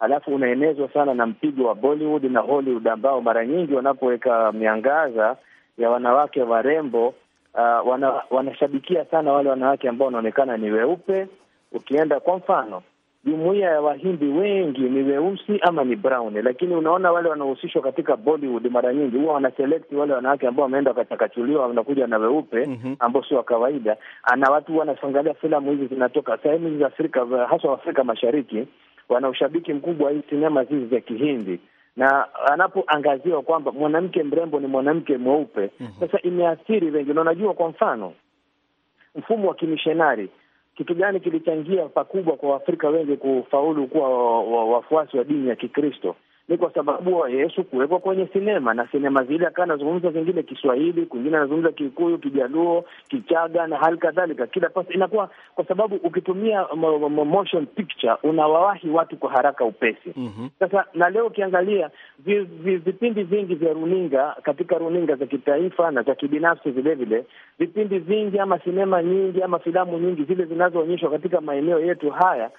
Speaker 7: alafu unaenezwa sana na mpigo wa Bollywood na Hollywood ambao mara nyingi wanapoweka miangaza ya wanawake warembo uh, wana, wanashabikia sana wale wanawake ambao wanaonekana ni weupe. Ukienda kwa mfano jumuia ya Wahindi wengi ni weusi ama ni brown, lakini unaona wale wanaohusishwa katika Bollywood mara nyingi huwa wanaselect wale wanawake ambao wameenda wakachakachuliwa, wanakuja na weupe mm -hmm. ambao sio wa kawaida. Ana watu wanashangalia filamu hizi zinatoka sehemu hizi za Afrika, haswa Afrika Mashariki, wana ushabiki mkubwa hii sinema hizi za Kihindi na anapoangaziwa kwamba mwanamke mrembo ni mwanamke mweupe mm -hmm. Sasa imeathiri wengi, na unajua, kwa mfano mfumo wa kimishonari, kitu gani kilichangia pakubwa kwa Waafrika wengi kufaulu kuwa wafuasi wa dini ya Kikristo? ni kwa sababu wa Yesu kuwekwa kwenye sinema na sinema zile, akawa anazungumza zingine Kiswahili, kwingine anazungumza Kikuyu, Kijaluo, Kichaga na hali kadhalika. Kila pasi inakuwa kwa sababu ukitumia motion picture unawawahi watu kwa haraka upesi. mm -hmm. Sasa na leo ukiangalia vipindi vingi vya runinga katika runinga za kitaifa na za kibinafsi vilevile, vipindi vingi ama sinema nyingi ama filamu nyingi zile zinazoonyeshwa katika maeneo yetu haya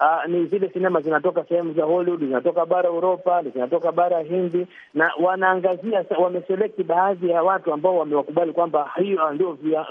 Speaker 7: uh, ni zile sinema zinatoka sehemu za Hollywood, zinatoka bara Uropa, zinatoka bara Hindi, na wanaangazia wameselekti baadhi ya watu ambao wamewakubali kwamba hiyo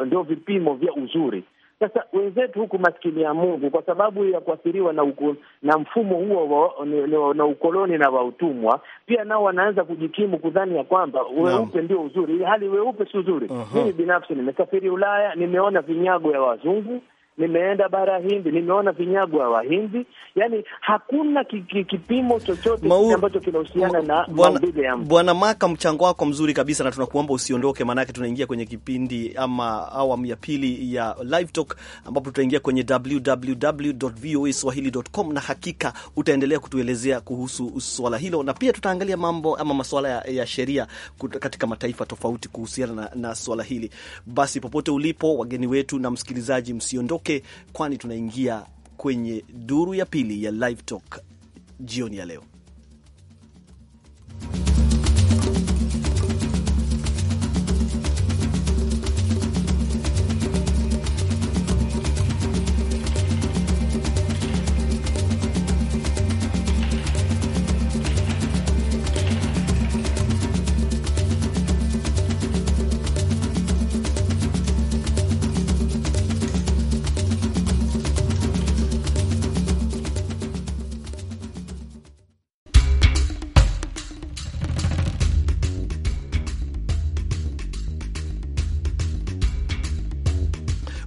Speaker 7: ndio vipimo vya uzuri. Sasa wenzetu huku, maskini ya Mungu, kwa sababu ya kuathiriwa na uku, na mfumo huo wa, na, na ukoloni na wautumwa pia nao wanaanza kujikimu kudhani ya kwamba weupe ndio uzuri, hali weupe si uzuri. Mimi uh -huh. binafsi nimesafiri Ulaya, nimeona vinyago ya wazungu nimeenda bara Hindi, nimeona vinyagwa wa Hindi. Yani hakuna kipimo chochote Mau... ambacho kinahusiana na maumbile ya
Speaker 1: Bwana Maka, mchango wako mzuri kabisa, na tunakuomba usiondoke, maanake tunaingia kwenye kipindi ama awamu ya pili ya Live Talk ambapo tutaingia kwenye www.voaswahili.com, na hakika utaendelea kutuelezea kuhusu swala hilo, na pia tutaangalia mambo ama masuala ya, ya sheria katika mataifa tofauti kuhusiana na, na swala hili. Basi popote ulipo, wageni wetu na msikilizaji, msiondoke tuondoke, kwani tunaingia kwenye duru ya pili ya Live Talk jioni ya leo.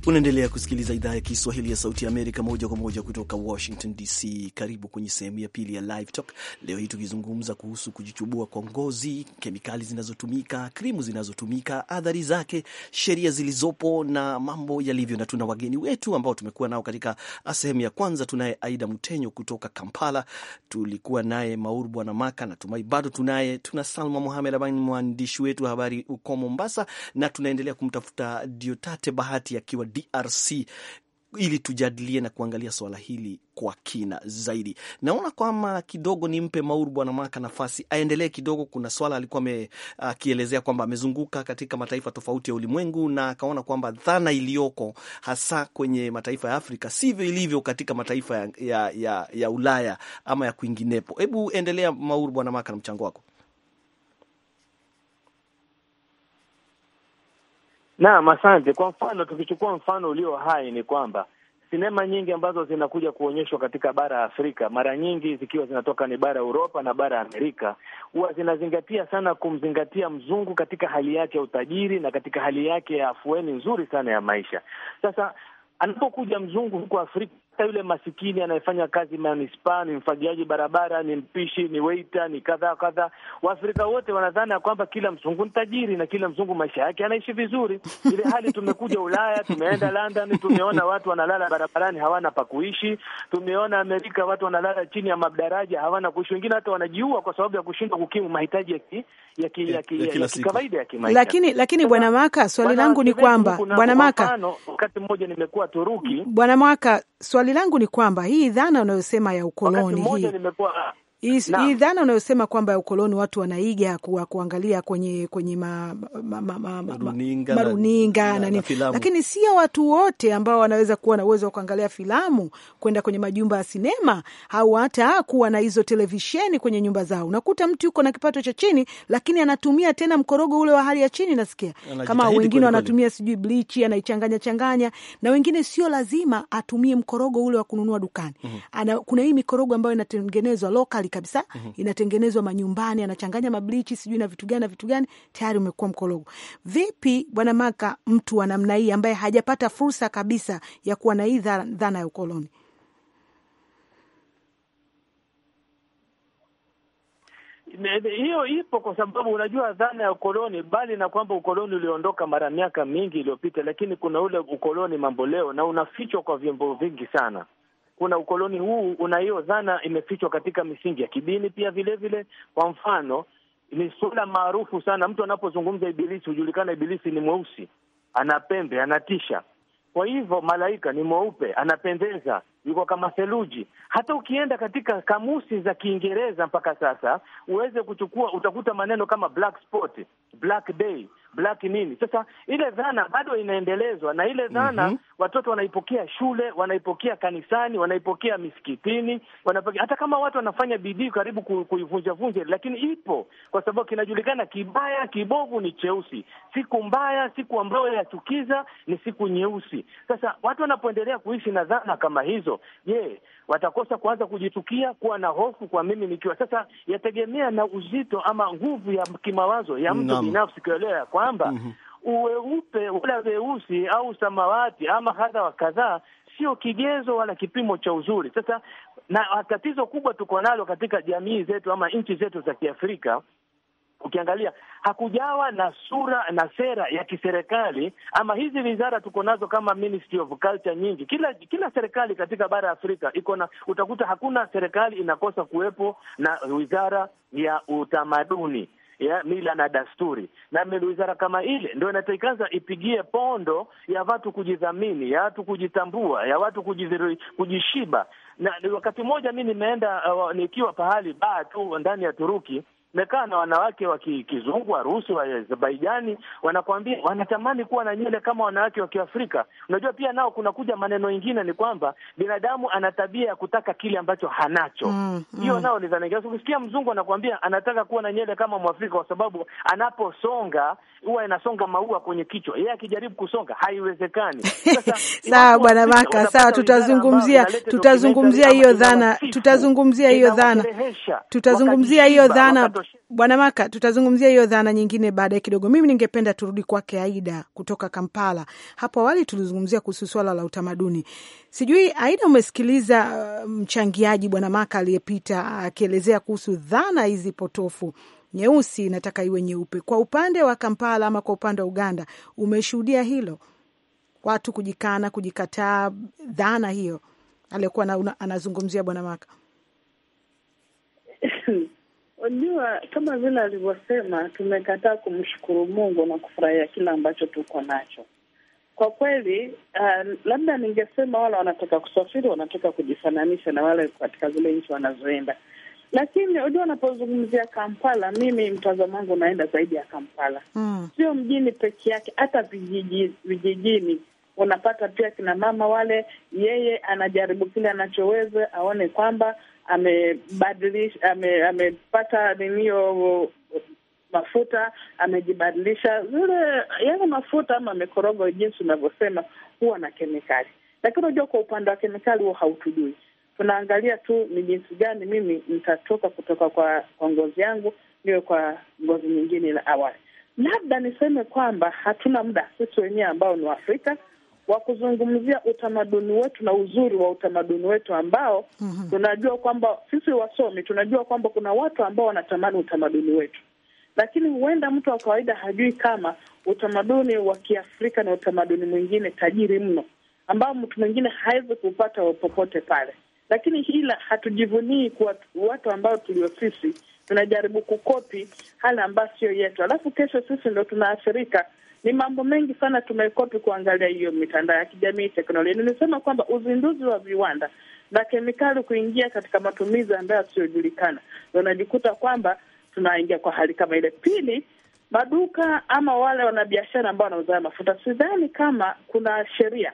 Speaker 1: Unaendelea kusikiliza idhaa ya Kiswahili ya Sauti ya Amerika moja kwa moja kutoka Washington DC. Karibu kwenye sehemu ya pili ya Live Talk leo hii tukizungumza kuhusu kujichubua kwa ngozi, kemikali zinazotumika, krimu zinazotumika, athari zake, sheria zilizopo na mambo yalivyo, na tuna wageni wetu ambao tumekuwa nao katika sehemu ya kwanza. Tunaye Aida Mtenyo kutoka Kampala, tulikuwa naye Maur Bwana Maka, natumai bado tunaye, tuna Salma Muhamed ambaye ni mwandishi wetu wa habari uko Mombasa, na tunaendelea kumtafuta Diotate Bahati akiwa DRC ili tujadilie na kuangalia swala hili kwa kina zaidi. Naona kwama kidogo nimpe Mauru Bwana Maka nafasi aendelee kidogo. Kuna swala alikuwa akielezea uh, kwamba amezunguka katika mataifa tofauti ya ulimwengu na akaona kwamba dhana iliyoko hasa kwenye mataifa ya Afrika sivyo ilivyo katika mataifa ya, ya, ya, ya Ulaya ama ya kwinginepo. Hebu endelea Mauru Bwana Maka na mchango wako. Naam, asante. Kwa mfano,
Speaker 7: tukichukua mfano ulio hai ni kwamba sinema nyingi ambazo zinakuja kuonyeshwa katika bara ya Afrika mara nyingi zikiwa zinatoka ni bara ya Uropa na bara ya Amerika, huwa zinazingatia sana kumzingatia mzungu katika hali yake ya utajiri na katika hali yake ya afueni nzuri sana ya maisha. Sasa anapokuja mzungu huko Afrika hata yule masikini anayefanya kazi manispaa, ni mfagiaji barabara, ni mpishi, ni weita ni kadha kadha. Waafrika wote wanadhana kwamba kila mzungu ni tajiri na kila mzungu maisha yake anaishi vizuri, ile hali tumekuja Ulaya, tumeenda London, tumeona watu wanalala barabarani, hawana pa kuishi. Tumeona Amerika, watu wanalala chini ya madaraja, hawana kuishi. Wengine hata wanajiua kwa sababu ya kushindwa kukimu mahitaji ya ki, ya ki, ya ki, ya ki, ya ki, kawaida ya kimaisha. Lakini
Speaker 2: lakini Bwana Maka, swali langu ni kwamba Bwana Maka,
Speaker 7: wakati mmoja nimekuwa Turuki, Bwana
Speaker 2: Maka swali langu ni kwamba hii dhana unayosema ya ukoloni hii, hii dhana unayosema kwamba ukoloni watu wanaiga kwa kuangalia kwenye kwenye ma, ma, ma, ma, ma,
Speaker 1: maruninga, maruninga
Speaker 2: na, na, na, na, lakini sio watu wote ambao wanaweza kuwa na uwezo wa kuangalia filamu kwenda kwenye majumba ya sinema au hata kuwa na hizo televisheni kwenye nyumba zao. Unakuta mtu yuko na kipato cha chini, lakini anatumia tena mkorogo ule wa hali ya chini. Nasikia kama wengine wanatumia sijui blichi, anaichanganya changanya, na wengine sio lazima atumie mkorogo ule wa kununua dukani. mm -hmm. Ana, kuna hii mikorogo ambayo inatengenezwa lokali kabisa mm -hmm. inatengenezwa manyumbani, anachanganya mablichi sijui na vitu gani na vitu gani, tayari umekuwa mkologo. Vipi bwana Maka, mtu wa namna hii ambaye hajapata fursa kabisa ya kuwa na hii dhana ya ukoloni?
Speaker 7: Hiyo ipo kwa sababu unajua dhana ya ukoloni, bali na kwamba ukoloni uliondoka mara miaka mingi iliyopita, lakini kuna ule ukoloni mambo leo na unafichwa kwa vyombo vingi sana kuna ukoloni huu una hiyo dhana imefichwa katika misingi ya kidini pia vilevile vile. Kwa mfano ni sura maarufu sana, mtu anapozungumza Ibilisi hujulikana, Ibilisi ni mweusi, ana pembe, anatisha. Kwa hivyo malaika ni mweupe, anapendeza, yuko kama theluji. Hata ukienda katika kamusi za Kiingereza mpaka sasa uweze kuchukua, utakuta maneno kama black spot, black day black nini. Sasa ile dhana bado inaendelezwa na ile dhana mm -hmm. Watoto wanaipokea shule, wanaipokea kanisani, wanaipokea misikitini, wanapokea hata kama watu wanafanya bidii karibu kuivunjavunja, lakini ipo kwa sababu kinajulikana kibaya kibovu ni cheusi. Siku mbaya, siku ambayo yachukiza ni siku nyeusi. Sasa watu wanapoendelea kuishi na dhana kama hizo, je, watakosa kuanza kujitukia, kuwa na hofu kwa mimi nikiwa sasa. Yategemea na uzito ama nguvu ya kimawazo ya mtu binafsi kuelewa ya kwamba mm -hmm. uweupe wala weusi au samawati ama hadha wa kadhaa sio kigezo wala kipimo cha uzuri. Sasa na tatizo kubwa tuko nalo katika jamii zetu ama nchi zetu za Kiafrika ukiangalia hakujawa na sura na sera ya kiserikali ama hizi wizara tuko nazo kama Ministry of Culture nyingi. Kila kila serikali katika bara ya Afrika iko na, utakuta hakuna serikali inakosa kuwepo na wizara ya utamaduni ya mila na dasturi, na wizara kama ile ndio inatakikana ipigie pondo ya watu kujidhamini, ya watu kujitambua, ya watu kujishiba. Na wakati mmoja mi nimeenda uh, nikiwa pahali baa tu ndani ya Turuki mekaa na wanawake wa Kizungu, Warusi, Waazerbaijani, wanakwambia wanatamani kuwa na nywele kama wanawake wa Kiafrika. Unajua, pia nao kunakuja maneno ingine ni kwamba binadamu ana tabia ya kutaka kile ambacho hanacho. mm, mm. nao nizanangia. Ukisikia mzungu anakwambia anataka kuwa na nywele kama Mwafrika kwa sababu anaposonga huwa inasonga maua kwenye
Speaker 2: kichwa, yeye akijaribu kusonga haiwezekani. sawa, bwana Maka, sawa, tutazungumzia tutazungumzia hiyo dhana tutazungumzia hiyo dhana
Speaker 4: tutazungumzia hiyo dhana
Speaker 2: Bwana Maka, tutazungumzia hiyo dhana nyingine baadaye kidogo. Mimi ningependa turudi kwake Aida kutoka Kampala. Hapo awali tulizungumzia kuhusu swala la utamaduni. Sijui Aida, umesikiliza uh, mchangiaji Bwana Maka aliyepita akielezea kuhusu dhana hizi potofu nyeusi nataka iwe nyeupe. Kwa upande wa Kampala ama kwa upande wa Uganda, umeshuhudia hilo, watu kujikana, kujikataa dhana hiyo aliyokuwa anazungumzia bwana Maka?
Speaker 4: Unajua, kama vile alivyosema, tumekataa kumshukuru Mungu na kufurahia kile ambacho tuko nacho. Kwa kweli, uh, labda ningesema wale wanataka kusafiri wanataka kujifananisha na wale katika zile nchi wanazoenda, lakini unajua, wanapozungumzia Kampala, mimi mtazamo wangu unaenda zaidi ya Kampala, hmm. sio mm, mjini peke yake, hata vijiji, vijijini unapata pia kina mama wale, yeye anajaribu kile anachoweza aone kwamba amebadilisha ame, amepata ninio mafuta amejibadilisha, zile yale mafuta ama mikorogo jinsi unavyosema, huwa na kemikali. Lakini unajua, kwa upande wa kemikali huo hautujui, tunaangalia tu ni jinsi gani mimi nitatoka kutoka kwa, kwa ngozi yangu niwe kwa ngozi nyingine. La awali, labda niseme kwamba hatuna muda sisi wenyewe ambao ni Waafrika wa kuzungumzia utamaduni wetu na uzuri wa utamaduni wetu ambao mm -hmm. tunajua kwamba sisi wasomi tunajua kwamba kuna watu ambao wanatamani utamaduni wetu, lakini huenda mtu wa kawaida hajui kama utamaduni wa Kiafrika na utamaduni mwingine tajiri mno ambao mtu mwingine hawezi kupata popote pale, lakini hila hatujivunii kwa watu ambao tulio sisi tunajaribu kukopi hali ambayo sio yetu, alafu kesho sisi ndo tunaathirika ni mambo mengi sana tumekopi kuangalia hiyo mitandao ya kijamii, teknolojia. Nimesema kwamba uzinduzi wa viwanda na kemikali kuingia katika matumizi ambayo asiyojulikana, unajikuta kwamba tunaingia kwa hali kama ile. Pili, maduka ama wale wanabiashara ambao wanauza mafuta, sidhani kama kuna sheria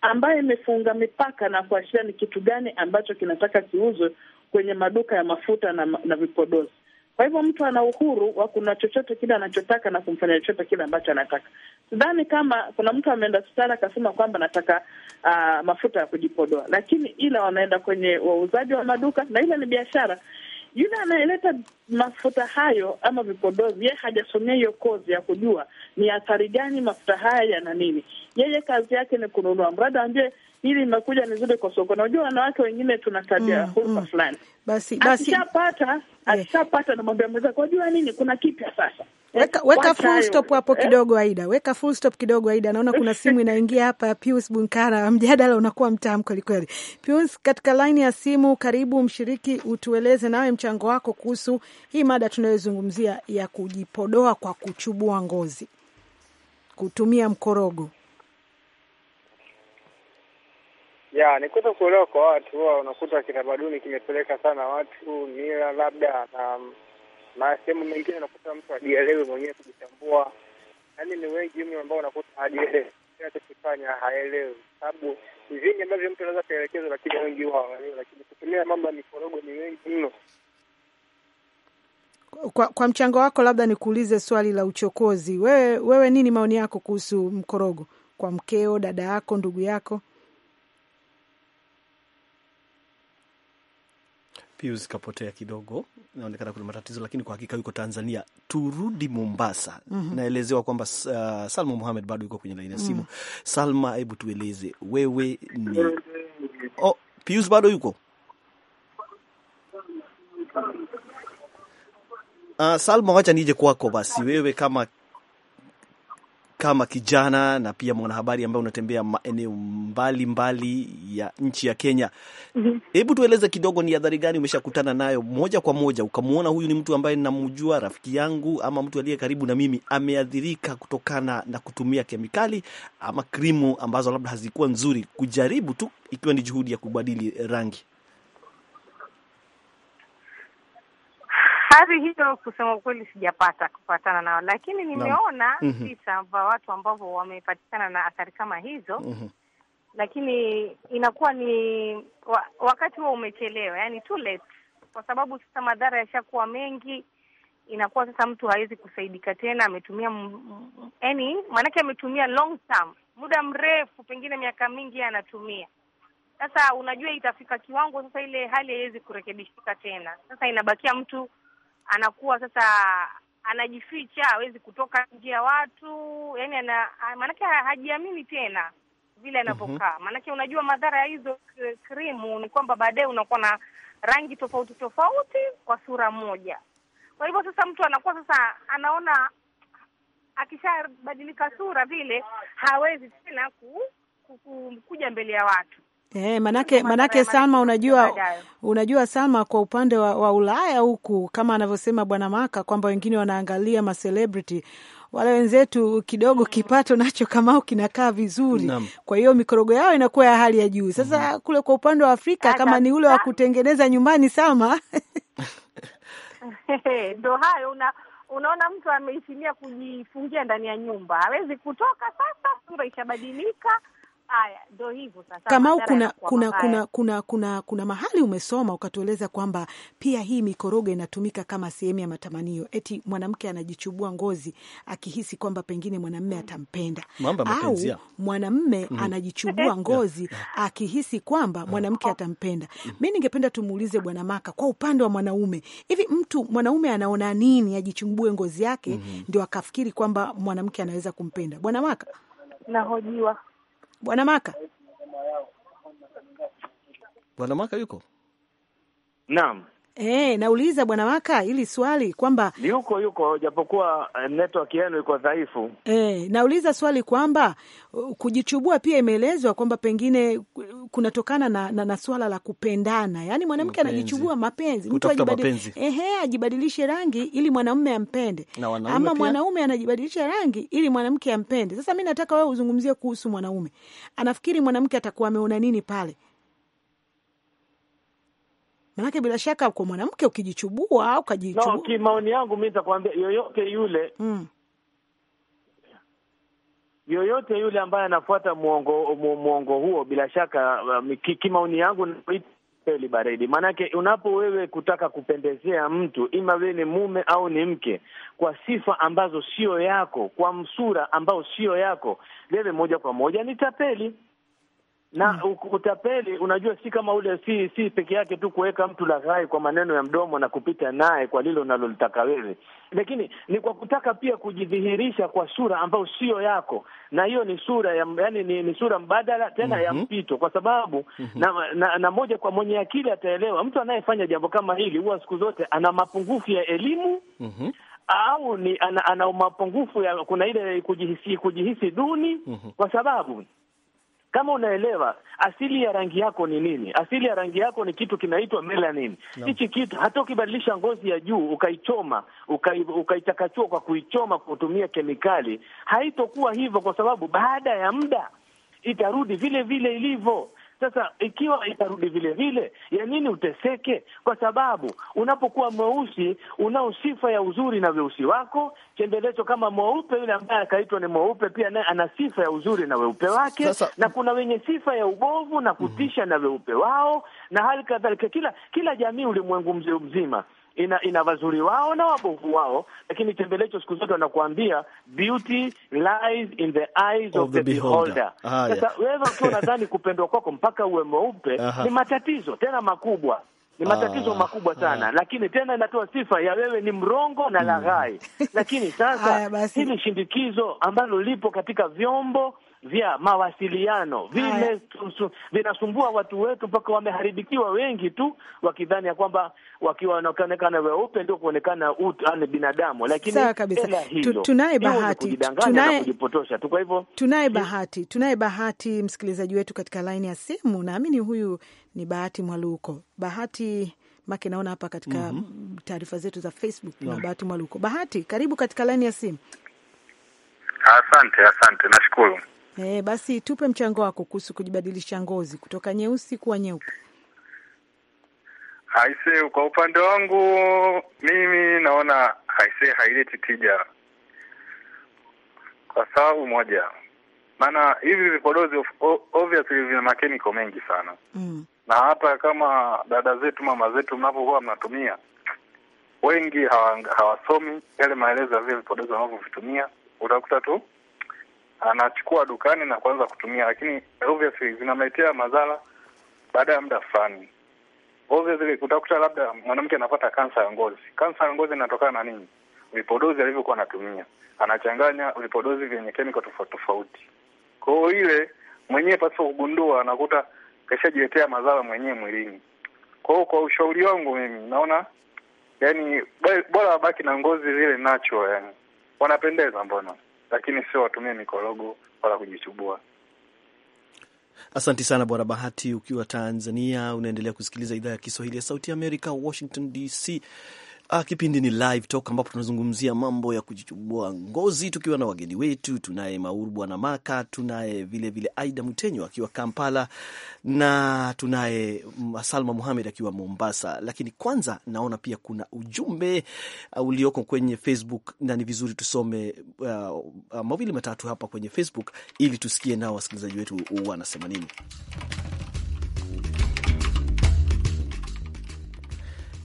Speaker 4: ambayo imefunga mipaka na kuashiria ni kitu gani ambacho kinataka kiuzwe kwenye maduka ya mafuta na, na vipodozi. Kwa hivyo mtu ana uhuru wa kuna chochote kile anachotaka na kumfanya chochote kile ambacho anataka. Sidhani kama kuna mtu ameenda hospitali akasema kwamba anataka uh, mafuta ya kujipodoa, lakini ila wanaenda kwenye wauzaji wa maduka, na ile ni biashara. Yule anayeleta mafuta hayo ama vipodozi, yeye hajasomea hiyo kozi ya kujua ni athari gani mafuta haya yana nini. Yeye kazi yake ni kununua, mradi ambie hili imekuja ni zile kosoko. Unajua wanawake wengine tuna tabia mm, huruma mm, fulani. Basi basi akishapata akishapata namwambia mzee, kwajua nini, kuna kipya sasa Weka, eh, weka full stop hapo eh? kidogo
Speaker 2: Aida, weka full stop kidogo Aida. Naona kuna simu inaingia hapa ya Pius Bunkara, mjadala unakuwa mtamu kweli kweli. Pius, katika laini ya simu, karibu mshiriki, utueleze nawe mchango wako kuhusu hii mada tunayozungumzia ya kujipodoa kwa kuchubua ngozi kutumia mkorogo.
Speaker 8: ya ni kuto kuelewa kwa watu, huwa unakuta kitamaduni kimepeleka sana watu mila labda na na sehemu mengine unakuta mtu hajielewi mwenyewe kujitambua. Yaani ni wengi mno ambao unakuta hajielewi anachokifanya, haelewi sababu vingi ambavyo mtu anaweza kaelekezwa, lakini wengi huwa hawaelewi, lakini kutumia mambo ya mikorogo ni wengi mno.
Speaker 2: Kwa, kwa mchango wako, labda nikuulize swali la uchokozi. Wewe wewe, nini maoni yako kuhusu mkorogo kwa mkeo, dada yako, ndugu yako?
Speaker 1: Pius kapotea kidogo, naonekana kuna matatizo, lakini kwa hakika yuko Tanzania. Turudi Mombasa. mm -hmm. Naelezewa kwamba uh, Salma Muhamed bado yuko kwenye laini ya mhm. simu. mm -hmm. Salma, hebu tueleze wewe ni oh, Pius bado yuko uh, Salma, wacha nije kwako basi, wewe kama kama kijana na pia mwanahabari ambaye unatembea maeneo mbalimbali ya nchi ya Kenya. Mhm. Hebu mm -hmm. tueleze kidogo, ni adhari gani umeshakutana nayo moja kwa moja, ukamwona huyu ni mtu ambaye namjua, rafiki yangu ama mtu aliye karibu na mimi, ameadhirika kutokana na kutumia kemikali ama krimu ambazo labda hazikuwa nzuri, kujaribu tu, ikiwa ni juhudi ya kubadili rangi?
Speaker 6: hadhi hiyo kusema ukweli sijapata kupatana nao, lakini nimeona mm -hmm. picha watu ambao wamepatikana na athari kama hizo mm -hmm. lakini inakuwa ni wa, wakati huo umechelewa, yani too late, kwa sababu sasa madhara yashakuwa mengi. Inakuwa sasa mtu hawezi kusaidika tena, ametumia yani, maanake ametumia long term, muda mrefu, pengine miaka mingi anatumia sasa unajua itafika kiwango sasa ile hali haiwezi kurekebishika tena. Sasa inabakia mtu anakuwa sasa anajificha, hawezi kutoka nje ya watu, yani ana maanake hajiamini tena vile anavyokaa. Maanake mhm. mm -hmm. Unajua madhara ya hizo krimu ni kwamba baadaye unakuwa na rangi tofauti tofauti kwa sura moja. Kwa hivyo sasa mtu anakuwa sasa anaona akishabadilika sura vile hawezi tena ku, ku, ku, kuja mbele ya watu.
Speaker 2: Eh, manake manake Salma, unajua unajua Salma, kwa upande wa, wa Ulaya huku kama anavyosema Bwana Maka kwamba wengine wanaangalia macelebrity wale wenzetu kidogo mm. kipato nacho kamao kinakaa vizuri Nam. Kwa hiyo mikorogo yao inakuwa ya hali ya juu. Mm-hmm. Sasa mm Kule kwa upande wa Afrika kama ni ule wa kutengeneza nyumbani Salma
Speaker 6: ndo hayo una unaona mtu ameishimia kujifungia ndani ya nyumba, hawezi kutoka. Sasa sura ishabadilika, kama ndio kuna kuna, kuna
Speaker 2: kuna kuna kuna mahali umesoma ukatueleza kwamba pia hii mikorogo inatumika kama sehemu ya matamanio, eti mwanamke anajichubua ngozi akihisi kwamba pengine mwanamme mm. atampenda, au mwanamme mm -hmm. anajichubua eh. ngozi akihisi kwamba mm. mwanamke atampenda. Mm. Mi ningependa tumuulize Bwana Maka, kwa upande wa mwanaume, hivi mtu mwanaume anaona nini ajichumbue ngozi yake mm -hmm. ndio akafikiri kwamba mwanamke anaweza kumpenda? Bwana Maka, nahojiwa Bwana Maka,
Speaker 1: Bwana Maka yuko
Speaker 2: naam. E, nauliza bwana Waka ili swali kwamba
Speaker 7: ni yuko yuko, japokuwa eh, network yenu iko dhaifu.
Speaker 2: E, nauliza swali kwamba uh, kujichubua pia imeelezwa kwamba pengine uh, kunatokana na, na, na swala la kupendana, yaani mwanamke anajichubua mapenzi, mtu ajibadilishe, ehe, ajibadilishe rangi ili mwanaume ampende,
Speaker 3: ama mwanaume
Speaker 2: anajibadilisha rangi ili mwanamke ampende. Sasa mi nataka wewe uzungumzie kuhusu mwanaume, anafikiri mwanamke atakuwa ameona nini pale Manake bila shaka kwa mwanamke ukijichubua ukajichubua,
Speaker 7: no, yangu mi nitakwambia yoyote yule mm. yoyote yule ambaye anafuata mwongo mwongo huo, bila shaka um, kimaoni yangu kweli baridi, maanake unapo wewe kutaka kupendezea mtu, ima wewe ni mume au ni mke, kwa sifa ambazo sio yako, kwa msura ambao sio yako, wewe moja kwa moja ni tapeli na mm. Utapeli unajua, si kama ule, si si peke yake tu kuweka mtu laghai kwa maneno ya mdomo na kupita naye kwa lile unalolitaka wewe, lakini ni kwa kutaka pia kujidhihirisha kwa sura ambayo siyo yako, na hiyo ni sura ya, yani ni, ni sura mbadala tena mm -hmm. ya mhm. mpito, kwa sababu mm -hmm. na, na, na moja kwa mwenye akili ataelewa, mtu anayefanya jambo kama hili huwa siku zote ana mapungufu ya elimu mm -hmm au ni ana, ana mapungufu ya kuna ile kujihisi, kujihisi duni mm -hmm. kwa sababu kama unaelewa asili ya rangi yako ni nini. Asili ya rangi yako ni kitu kinaitwa melanin. Hichi no. kitu hata ukibadilisha ngozi ya juu ukaichoma, ukaichakachua, kwa kuichoma kutumia kemikali, haitokuwa hivyo, kwa sababu baada ya muda itarudi vile vile ilivyo. Sasa ikiwa itarudi vile vile, ya nini uteseke? Kwa sababu unapokuwa mweusi unao sifa ya uzuri na weusi wako, chendelezo kama mweupe yule ambaye akaitwa ni mweupe, pia naye ana sifa ya uzuri na weupe wake sasa, na kuna wenye sifa ya ubovu na kutisha mm -hmm. na weupe wao na hali kadhalika, kila kila jamii ulimwengu mzima ina, ina wazuri wao na wabovu wao, lakini Tembelecho siku zote wanakuambia beauty lies in the eyes of, the beholder. Ah, sasa wewe ukiwa unadhani kupendwa kwako mpaka uwe mweupe ni matatizo tena makubwa ni matatizo ah, makubwa sana ah. Lakini tena inatoa sifa ya wewe ni mrongo na laghai mm. Lakini sasa hili shindikizo ambalo lipo katika vyombo vya mawasiliano vile vinasumbua watu wetu mpaka wameharibikiwa wengi tu, wakidhani ya kwamba wakiwa wanaonekana weupe ndio kuonekana ni binadamu, lakini sawa kabisa. Tunaye bahati, tunaye kujipotosha tu. Kwa hivyo
Speaker 2: tunaye bahati, tunaye bahati msikilizaji wetu katika laini ya simu, naamini huyu ni Bahati Mwaluko. Bahati make naona hapa katika mm -hmm. taarifa zetu za Facebook na Bahati Mwaluko. Bahati, karibu katika laini ya simu.
Speaker 8: Asante, asante, nashukuru.
Speaker 2: E, basi tupe mchango wako kuhusu kujibadilisha ngozi kutoka nyeusi kuwa nyeupe.
Speaker 8: Aise, kwa upande wangu mimi naona aise, haileti tija kwa sababu moja, maana hivi vipodozi obviously vina makemiko mengi sana mm. na hata kama dada zetu, mama zetu, mnapokuwa mnatumia, wengi hawasomi hawa yale maelezo ya vile vipodozi wanavyovitumia, utakuta tu anachukua dukani na kuanza kutumia, lakini obviously zinamletea madhara baada ya muda fulani. Obviously utakuta labda mwanamke anapata kansa ya ngozi. Kansa ya ngozi inatokana na nini? Vipodozi alivyokuwa anatumia, anachanganya vipodozi vyenye kemiko tofauti tofauti. Kwa hiyo ile mwenyewe pasipo kugundua, anakuta kashajiletea madhara mwenyewe mwilini. Kwa hiyo kwa ushauri wangu mimi naona yani bora wabaki na ngozi zile nacho, yani wanapendeza mbona lakini sio watumie mikorogo wala kujichubua.
Speaker 1: Asanti sana Bwana Bahati, ukiwa Tanzania unaendelea kusikiliza idhaa ya Kiswahili ya Sauti ya Amerika, Washington DC. Uh, kipindi ni Live Talk ambapo tunazungumzia mambo ya kujichubua ngozi tukiwa na wageni wetu. Tunaye Mauru Bwana Maka, tunaye vilevile Aida Mutenyo akiwa Kampala na tunaye Salma Muhamed akiwa Mombasa. Lakini kwanza naona pia kuna ujumbe uh, ulioko kwenye Facebook na ni vizuri tusome uh, uh, mawili matatu hapa kwenye Facebook ili tusikie nao wasikilizaji wetu wanasema nini.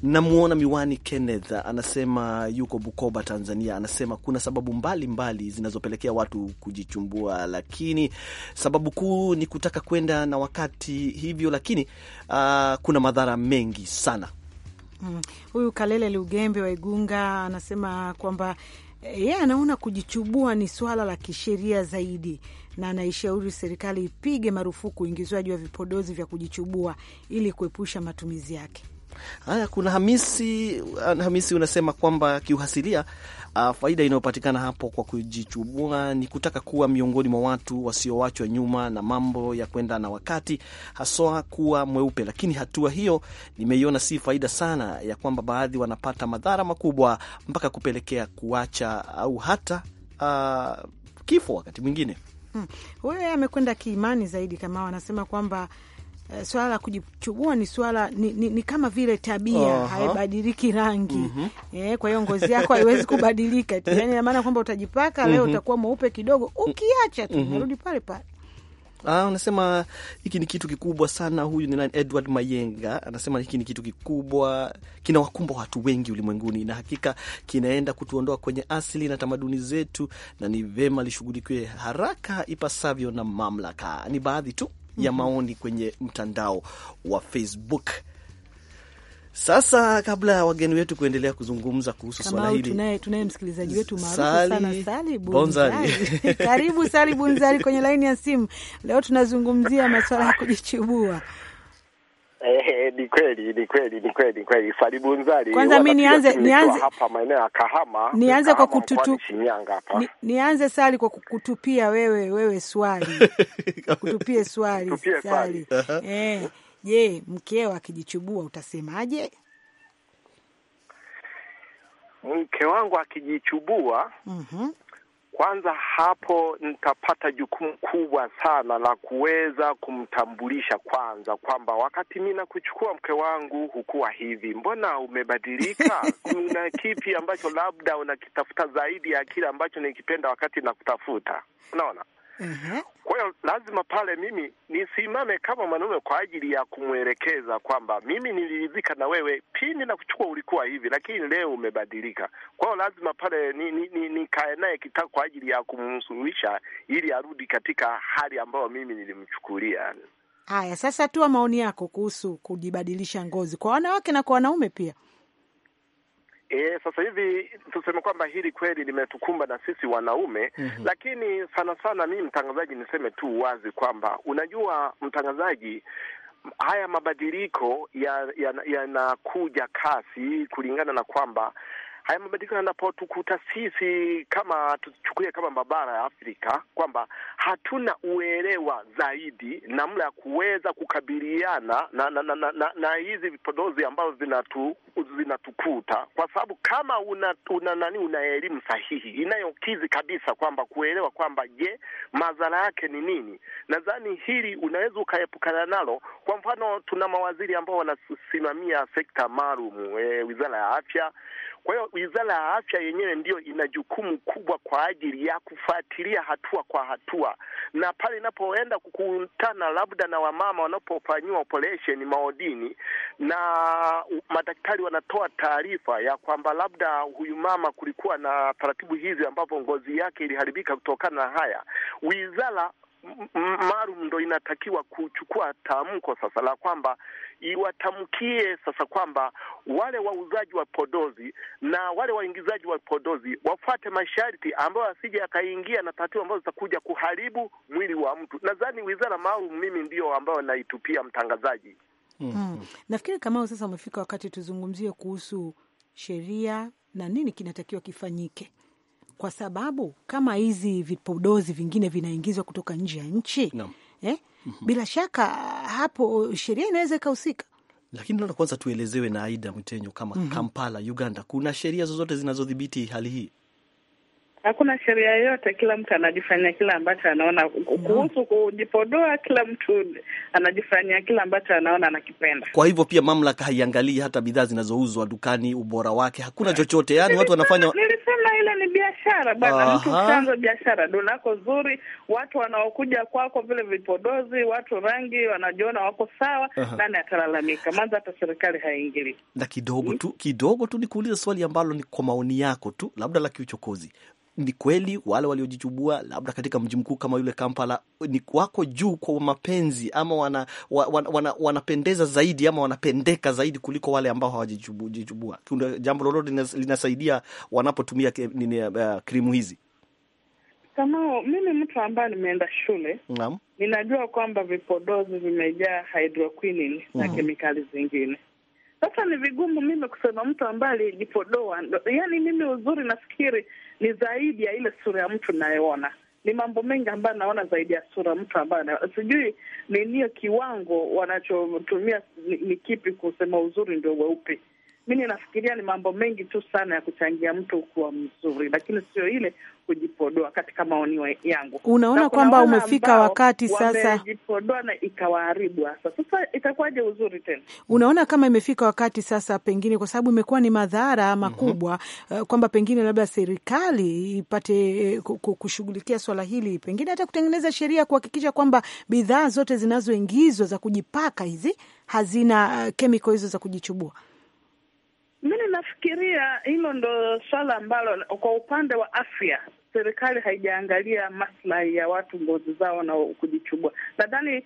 Speaker 1: Namwona Miwani Kenneth anasema yuko Bukoba, Tanzania. Anasema kuna sababu mbalimbali zinazopelekea watu kujichumbua, lakini sababu kuu ni kutaka kwenda na wakati hivyo, lakini uh, kuna madhara mengi sana.
Speaker 9: Mm.
Speaker 2: Huyu Kalele Lugembe wa Igunga anasema kwamba eh, yeye anaona kujichubua ni swala la kisheria zaidi, na anaishauri serikali ipige marufuku uingizwaji wa vipodozi vya kujichubua ili kuepusha matumizi yake.
Speaker 1: Haya, kuna Hamisi. Uh, Hamisi unasema kwamba kiuhasilia, uh, faida inayopatikana hapo kwa kujichubua ni kutaka kuwa miongoni mwa watu wasiowachwa nyuma na mambo ya kwenda na wakati, haswa kuwa mweupe. Lakini hatua hiyo nimeiona si faida sana, ya kwamba baadhi wanapata madhara makubwa mpaka kupelekea kuacha au hata uh, kifo wakati mwingine.
Speaker 2: Hmm, amekwenda kiimani zaidi, kama wanasema kwamba Eh, swala la kujichubua ni swala ni, ni, ni kama vile tabia uh -huh. haibadiliki rangi mm -hmm. yeah, kwa hiyo ngozi yako haiwezi kubadilika yani ina maana kwamba utajipaka mm -hmm. leo mhm. utakuwa mweupe kidogo ukiacha tu mm -hmm. pale pale
Speaker 1: Ah, unasema hiki ni kitu kikubwa sana. Huyu ni nani? Edward Mayenga anasema hiki ni kitu kikubwa kinawakumba watu wengi ulimwenguni, na hakika kinaenda kutuondoa kwenye asili na tamaduni zetu, na ni vema lishughulikiwe haraka ipasavyo na mamlaka. Ni baadhi tu ya mhm. maoni kwenye mtandao wa Facebook. Sasa kabla ya wageni wetu kuendelea kuzungumza kuhusu swala hili, tunaye msikilizaji wetu maarufu
Speaker 2: sana Sali
Speaker 9: Bunzari.
Speaker 2: Karibu Sali kwenye laini ya simu. Leo tunazungumzia maswala ya kujichubua
Speaker 9: Eh, eh, ni kweli ni kweli ni kweli ni kweli. Salibunzari, kwanza mimi nianze nianze hapa maeneo ya Kahama, nianze kwa kututu
Speaker 2: ni, nianze sali kwa kukutupia wewe wewe swali
Speaker 9: kutupie
Speaker 2: swali kutupie sali, sali. eh, je, mkeo akijichubua utasemaje?
Speaker 9: Mke wangu akijichubua
Speaker 4: mhm mm -hmm.
Speaker 9: Kwanza hapo nitapata jukumu kubwa sana la kuweza kumtambulisha kwanza kwamba wakati mi nakuchukua mke wangu hukuwa hivi, mbona umebadilika? Kuna kipi ambacho labda unakitafuta zaidi ya kile ambacho nikipenda wakati nakutafuta? Unaona? Mhm. Kwa hiyo lazima pale mimi nisimame kama mwanaume kwa ajili ya kumwelekeza kwamba mimi niliridhika na wewe pindi na kuchukua ulikuwa hivi, lakini leo umebadilika. Kwa hiyo lazima pale nikae ni, ni, ni naye kitako kwa ajili ya kumsuluhisha ili arudi katika hali ambayo mimi nilimchukulia.
Speaker 2: Haya, sasa tuwa maoni yako kuhusu kujibadilisha ngozi kwa wanawake na kwa wanaume pia.
Speaker 9: E, sasa hivi tuseme kwamba hili kweli limetukumba na sisi wanaume mm -hmm. Lakini sana sana mimi mtangazaji, niseme tu wazi kwamba unajua mtangazaji haya mabadiliko yanakuja ya, ya kasi kulingana na kwamba Haya mabadiliko yanapotukuta sisi, kama tuchukulie kama mabara ya Afrika, kwamba hatuna uelewa zaidi namna ya kuweza kukabiliana na na, na, na, na, na hizi vipodozi ambazo zinatu, zinatukuta kwa sababu kama una, una nani una elimu sahihi inayokizi kabisa kwamba kuelewa kwamba je, madhara yake ni nini, nadhani hili unaweza ukaepukana nalo. Kwa mfano, tuna mawaziri ambao wanasimamia sekta maalum, e, wizara ya afya kwa hiyo wizara ya afya yenyewe ndiyo ina jukumu kubwa kwa ajili ya kufuatilia hatua kwa hatua, na pale inapoenda kukutana labda na wamama wanapofanyiwa operation maodini, na madaktari wanatoa taarifa ya kwamba labda huyu mama kulikuwa na taratibu hizi ambapo ngozi yake iliharibika kutokana na haya, wizara maalum ndo inatakiwa kuchukua tamko sasa la kwamba iwatamkie sasa kwamba wale wauzaji wa podozi na wale waingizaji wa podozi wafuate masharti ambayo asije akaingia na tatizo ambazo zitakuja kuharibu mwili wa mtu. Nadhani wizara maalum mimi ndio ambayo naitupia mtangazaji.
Speaker 2: Mm -hmm. Nafikiri kama sasa umefika wakati tuzungumzie kuhusu sheria na nini kinatakiwa kifanyike, kwa sababu kama hizi vipodozi vingine vinaingizwa kutoka nje ya nchi no. eh? Mm-hmm. bila shaka hapo sheria inaweza ikahusika
Speaker 1: lakini naona kwanza tuelezewe na Aida Mtenyo, kama mm -hmm. Kampala, Uganda, kuna sheria zozote zinazodhibiti hali hii?
Speaker 4: Hakuna sheria yoyote, kila mtu anajifanyia kila ambacho anaona kuhusu kujipodoa. Kila mtu anajifanyia kila ambacho anaona anakipenda.
Speaker 1: Kwa hivyo pia mamlaka haiangalii hata bidhaa zinazouzwa dukani, ubora wake, hakuna chochote. Yani watu wanafanya
Speaker 4: nilisema ile ni biashara bwana, mtu chanzo biashara, do lako zuri, watu wanaokuja kwako vile vipodozi, watu rangi wanajiona wako sawa, nani atalalamika? manza hata serikali haiingili.
Speaker 1: Na kidogo hmm? tu kidogo tu nikuulize swali ambalo ni kwa maoni yako tu, labda la kiuchokozi ni kweli wale waliojichubua labda katika mji mkuu kama yule Kampala ni wako juu kwa mapenzi ama wana, wana, wana, wanapendeza zaidi ama wanapendeka zaidi kuliko wale ambao hawajichubua. Jambo lolote linasaidia wanapotumia uh, krimu hizi.
Speaker 4: Kama mimi mtu ambaye nimeenda shule Naam. ninajua kwamba vipodozi vimejaa hydroquinone mm -hmm. na kemikali zingine sasa ni vigumu mimi kusema mtu ambaye alijipodoa, yaani mimi uzuri nafikiri ni zaidi ya ile sura ya mtu nayeona ni mambo mengi ambayo naona zaidi ya sura mtu ambayo sijui ni nio kiwango wanachotumia ni, ni kipi kusema uzuri ndio weupe mimi nafikiria ni mambo mengi tu sana ya kuchangia mtu kuwa mzuri, lakini sio ile kujipodoa, katika maoni yangu. Unaona kwamba umefika wakati sasa wamejipodoa na ikawaharibu hasa. Sasa itakuwaje uzuri tena?
Speaker 2: Unaona kama imefika wakati sasa, pengine kwa sababu imekuwa ni madhara mhm. makubwa mm -hmm. kwamba pengine labda serikali ipate eh, kushughulikia swala hili, pengine hata kutengeneza sheria kuhakikisha kwamba bidhaa zote zinazoingizwa za kujipaka hizi hazina eh, kemikali hizo za kujichubua.
Speaker 4: Mimi nafikiria hilo ndo swala ambalo kwa upande wa afya serikali haijaangalia maslahi ya watu, ngozi zao na kujichubua. Nadhani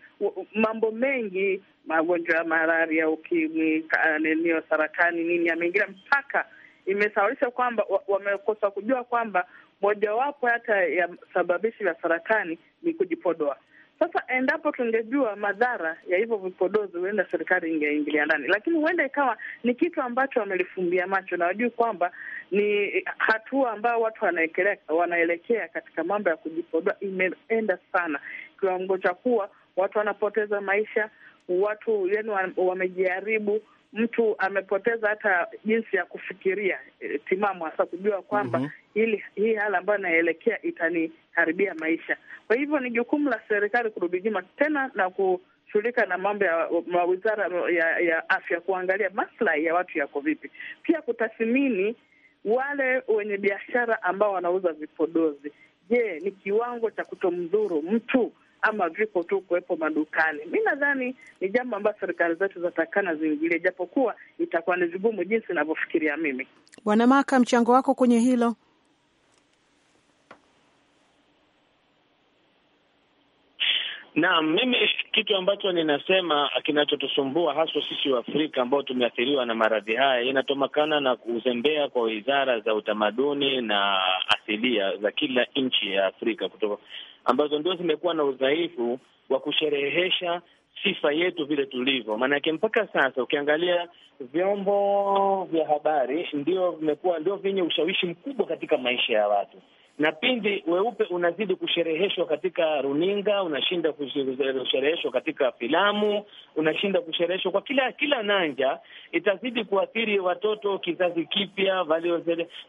Speaker 4: mambo mengi, magonjwa ya malaria, ukimwi, nenio, saratani, nini yameingia mpaka imesababisha kwamba wamekosa kujua kwamba mojawapo hata ya sababishi vya saratani ni kujipodoa. Sasa endapo tungejua madhara ya hivyo vipodozi, huenda serikali ingeingilia ndani, lakini huenda ikawa ni kitu ambacho wamelifumbia macho na wajui kwamba ni hatua ambayo watu wanaelekea katika mambo ya kujipodoa imeenda sana, kiwango cha kuwa watu wanapoteza maisha, watu yani wamejiharibu mtu amepoteza hata jinsi ya kufikiria e, timamu hasa kujua kwamba mm -hmm. ili hii hali ambayo inaelekea itaniharibia maisha. Kwa hivyo ni jukumu la serikali kurudi nyuma tena na kushughulika na mambo ya wizara ya, ya afya kuangalia maslahi ya watu yako vipi, pia kutathmini wale wenye biashara ambao wanauza vipodozi. Je, ni kiwango cha kutomdhuru mtu ama viko tu kuwepo madukani. Mi nadhani ni jambo ambalo serikali zetu zinatakikana ziingilie, japokuwa itakuwa ni vigumu jinsi inavyofikiria mimi.
Speaker 2: Bwana Maka, mchango wako kwenye hilo?
Speaker 4: Naam, mimi
Speaker 7: kitu ambacho ninasema kinachotusumbua haswa sisi wa afrika ambao tumeathiriwa na maradhi haya inatomakana na kuzembea kwa wizara za utamaduni na asilia za kila nchi ya Afrika kutoka, ambazo ndio zimekuwa na udhaifu wa kusherehesha sifa yetu vile tulivyo. Maanake mpaka sasa ukiangalia vyombo vya habari ndio vimekuwa ndio vyenye ushawishi mkubwa katika maisha ya watu na pindi weupe unazidi kushereheshwa katika runinga, unashinda kushereheshwa katika filamu, unashinda kushereheshwa kwa kila kila nanja, itazidi kuathiri watoto, kizazi kipya,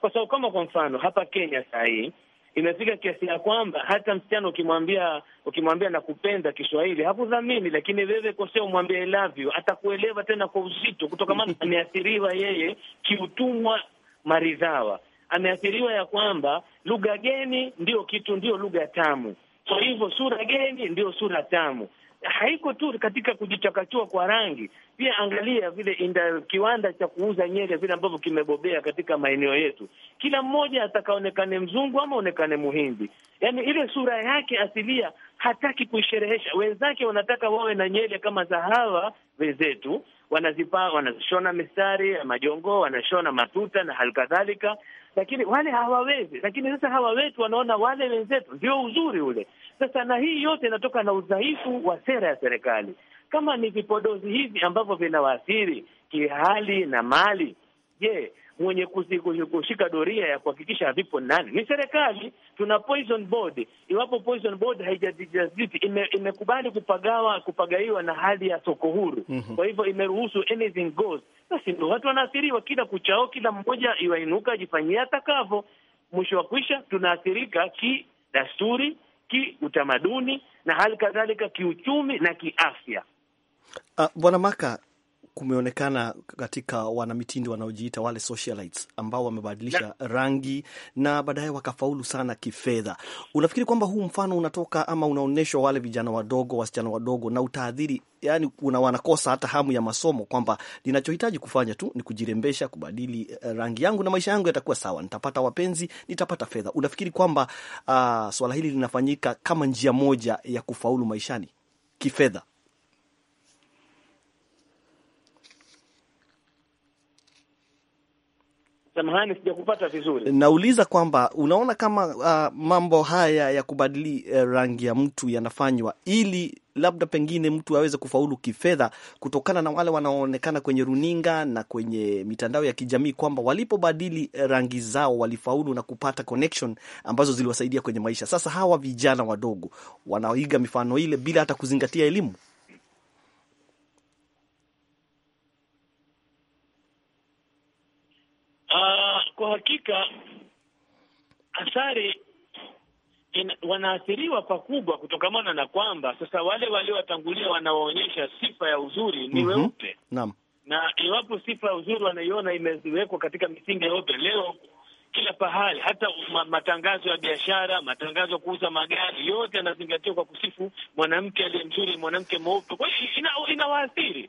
Speaker 7: kwa sababu kama kwa mfano hapa Kenya saa hii imefika kiasi ya kwamba hata msichana ukimwambia ukimwambia nakupenda Kiswahili hakudhamini, lakini wewe kosea umwambie love you atakuelewa tena kwa uzito, kutokamana ameathiriwa yeye kiutumwa maridhawa ameathiriwa ya kwamba lugha geni ndio kitu, ndio lugha tamu. Kwa so, hivyo sura geni ndio sura tamu. Haiko tu katika kujichakachua kwa rangi, pia angalia vile inda, kiwanda cha kuuza nyele vile ambavyo kimebobea katika maeneo yetu. Kila mmoja atakaonekane mzungu ama onekane muhindi, yaani ile sura yake asilia hataki kuisherehesha. Wenzake wanataka wawe na nyele kama za hawa wenzetu, wanazipa wanashona mistari ya majongo, wanashona matuta na kadhalika, lakini wale hawawezi. Lakini sasa hawa wetu wanaona wale wenzetu ndio uzuri ule. Sasa na hii yote inatoka na udhaifu wa sera ya serikali. Kama ni vipodozi hivi ambavyo vinawaathiri kihali na mali, je, mwenye kushika doria ya kuhakikisha havipo nani? Ni serikali. Tuna poison board. Iwapo poison board haijajaziti ime, imekubali kupagawa kupagaiwa na hali ya soko huru, mhm. kwa mm -hmm. hivyo imeruhusu anything goes basi ndo watu wanaathiriwa, kila kuchao, kila mmoja iwainuka ajifanyia atakavyo. Mwisho wa kwisha, tunaathirika kidasturi kiutamaduni na hali kadhalika kiuchumi na kiafya.
Speaker 1: Ah, Bwana Maka, kumeonekana katika wanamitindo wanaojiita wale socialites ambao wamebadilisha rangi na baadaye wakafaulu sana kifedha. Unafikiri kwamba huu mfano unatoka ama unaonyeshwa wale vijana wadogo, wasichana wadogo, na utaadhiri yani, una wanakosa hata hamu ya masomo, kwamba ninachohitaji kufanya tu ni kujirembesha, kubadili eh, rangi yangu na maisha yangu yatakuwa sawa, nitapata wapenzi, nitapata fedha. Unafikiri kwamba uh, swala hili linafanyika kama njia moja ya kufaulu maishani kifedha?
Speaker 7: Samahani, sijakupata vizuri.
Speaker 1: Nauliza kwamba unaona kama uh, mambo haya ya kubadili uh, rangi ya mtu yanafanywa ili labda pengine mtu aweze kufaulu kifedha, kutokana na wale wanaoonekana kwenye runinga na kwenye mitandao ya kijamii kwamba walipobadili eh, rangi zao walifaulu na kupata connection ambazo ziliwasaidia kwenye maisha. Sasa hawa vijana wadogo wanaiga mifano ile bila hata kuzingatia elimu.
Speaker 8: Ah,
Speaker 7: kwa hakika athari in, wanaathiriwa pakubwa kutokamana na kwamba sasa wale waliowatangulia wanawaonyesha sifa ya uzuri ni mm -hmm. weupe. Naam. Na iwapo sifa ya uzuri wanaiona imewekwa katika misingi yeupe leo kila pahali, hata matangazo ya biashara, matangazo ya kuuza magari, yote yanazingatiwa kwa kusifu mwanamke aliye mzuri, mwanamke mweupe. Kwa hiyo inawaathiri ina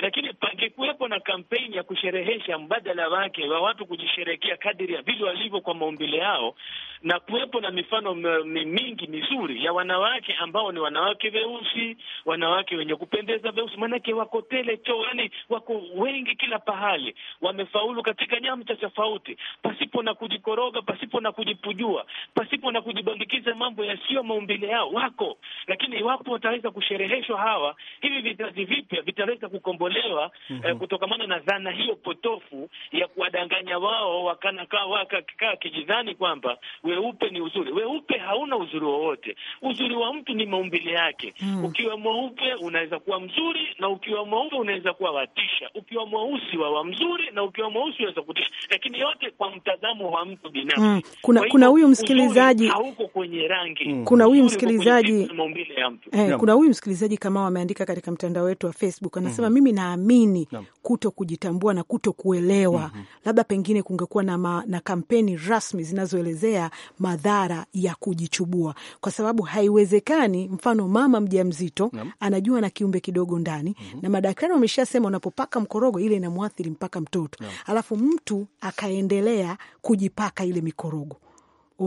Speaker 7: lakini pangekuwepo na kampeni ya kusherehesha mbadala wake wa watu kujisherekea kadiri ya vile walivyo kwa maumbile yao, na kuwepo na mifano mingi mizuri ya wanawake ambao ni wanawake weusi, wanawake wenye kupendeza weusi, maanake wako tele cho, yani wako wengi kila pahali, wamefaulu katika nyamcha tofauti, pasipo na kujikoroga, pasipo na kujipujua, pasipo na kujibandikiza mambo yasiyo maumbile yao, wako lakini. Iwapo wataweza kushereheshwa hawa, hivi vizazi vipya vitaweza kukomboa kutobolewa mm -hmm. Eh, kutokamana na dhana hiyo potofu ya kuwadanganya wao wakanakaa kikaa kijidhani kwamba weupe ni uzuri. Weupe hauna uzuri wowote. Uzuri wa mtu ni maumbile yake mm. Ukiwa mweupe unaweza kuwa mzuri na ukiwa mweupe unaweza kuwa watisha, ukiwa mweusi wawa mzuri na ukiwa mweusi unaweza kutisha, lakini yote kwa mtazamo wa mtu binafsi mm. Kuna kuna huyu
Speaker 2: msikilizaji hauko
Speaker 7: kwenye rangi mm. Kuna huyu msikilizaji maumbile ya mtu hey, eh, Kuna
Speaker 2: huyu msikilizaji kama wameandika katika mtandao wetu wa Facebook anasema mm. mimi naamini na kuto kujitambua na kuto kuelewa mm -hmm. labda pengine kungekuwa na, ma, na kampeni rasmi zinazoelezea madhara ya kujichubua, kwa sababu haiwezekani, mfano mama mjamzito no. anajua na kiumbe kidogo ndani mm -hmm. na madaktari wameshasema unapopaka mkorogo ile inamwathiri mpaka mtoto na, alafu mtu akaendelea kujipaka ile mikorogo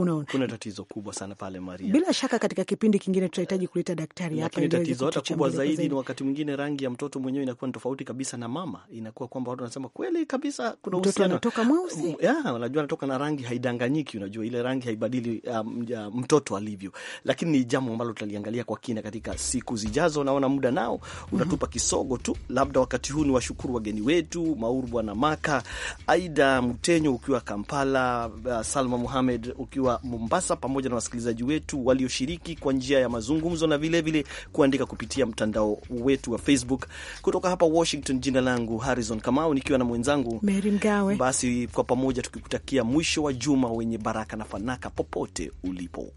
Speaker 1: Unaona, kuna tatizo kubwa sana pale Maria. Bila
Speaker 2: shaka katika kipindi kingine tutahitaji kuleta daktari hapa, ili tatizo hata kubwa zaidi ni
Speaker 1: wakati mwingine rangi ya mtoto mwenyewe inakuwa ni tofauti kabisa na mama, inakuwa kwamba watu wanasema kweli kabisa kuna uhusiano, anatoka mweusi yeah, unajua anatoka na rangi haidanganyiki, unajua ile rangi haibadili um, ya, mtoto alivyo, lakini ni jambo ambalo tutaliangalia kwa kina katika siku zijazo. Naona muda nao mhm. unatupa kisogo tu, labda wakati huu ni washukuru wageni wetu Mauru na Maka, Aida Mtenyo ukiwa Kampala, uh, Salma Muhamed ukiwa wakiwa Mombasa pamoja na wasikilizaji wetu walioshiriki kwa njia ya mazungumzo na vilevile vile kuandika kupitia mtandao wetu wa Facebook. Kutoka hapa Washington, jina langu Harrison Kamau nikiwa na mwenzangu Mary Mgawe. Basi kwa pamoja tukikutakia mwisho wa juma wenye baraka na fanaka popote ulipo.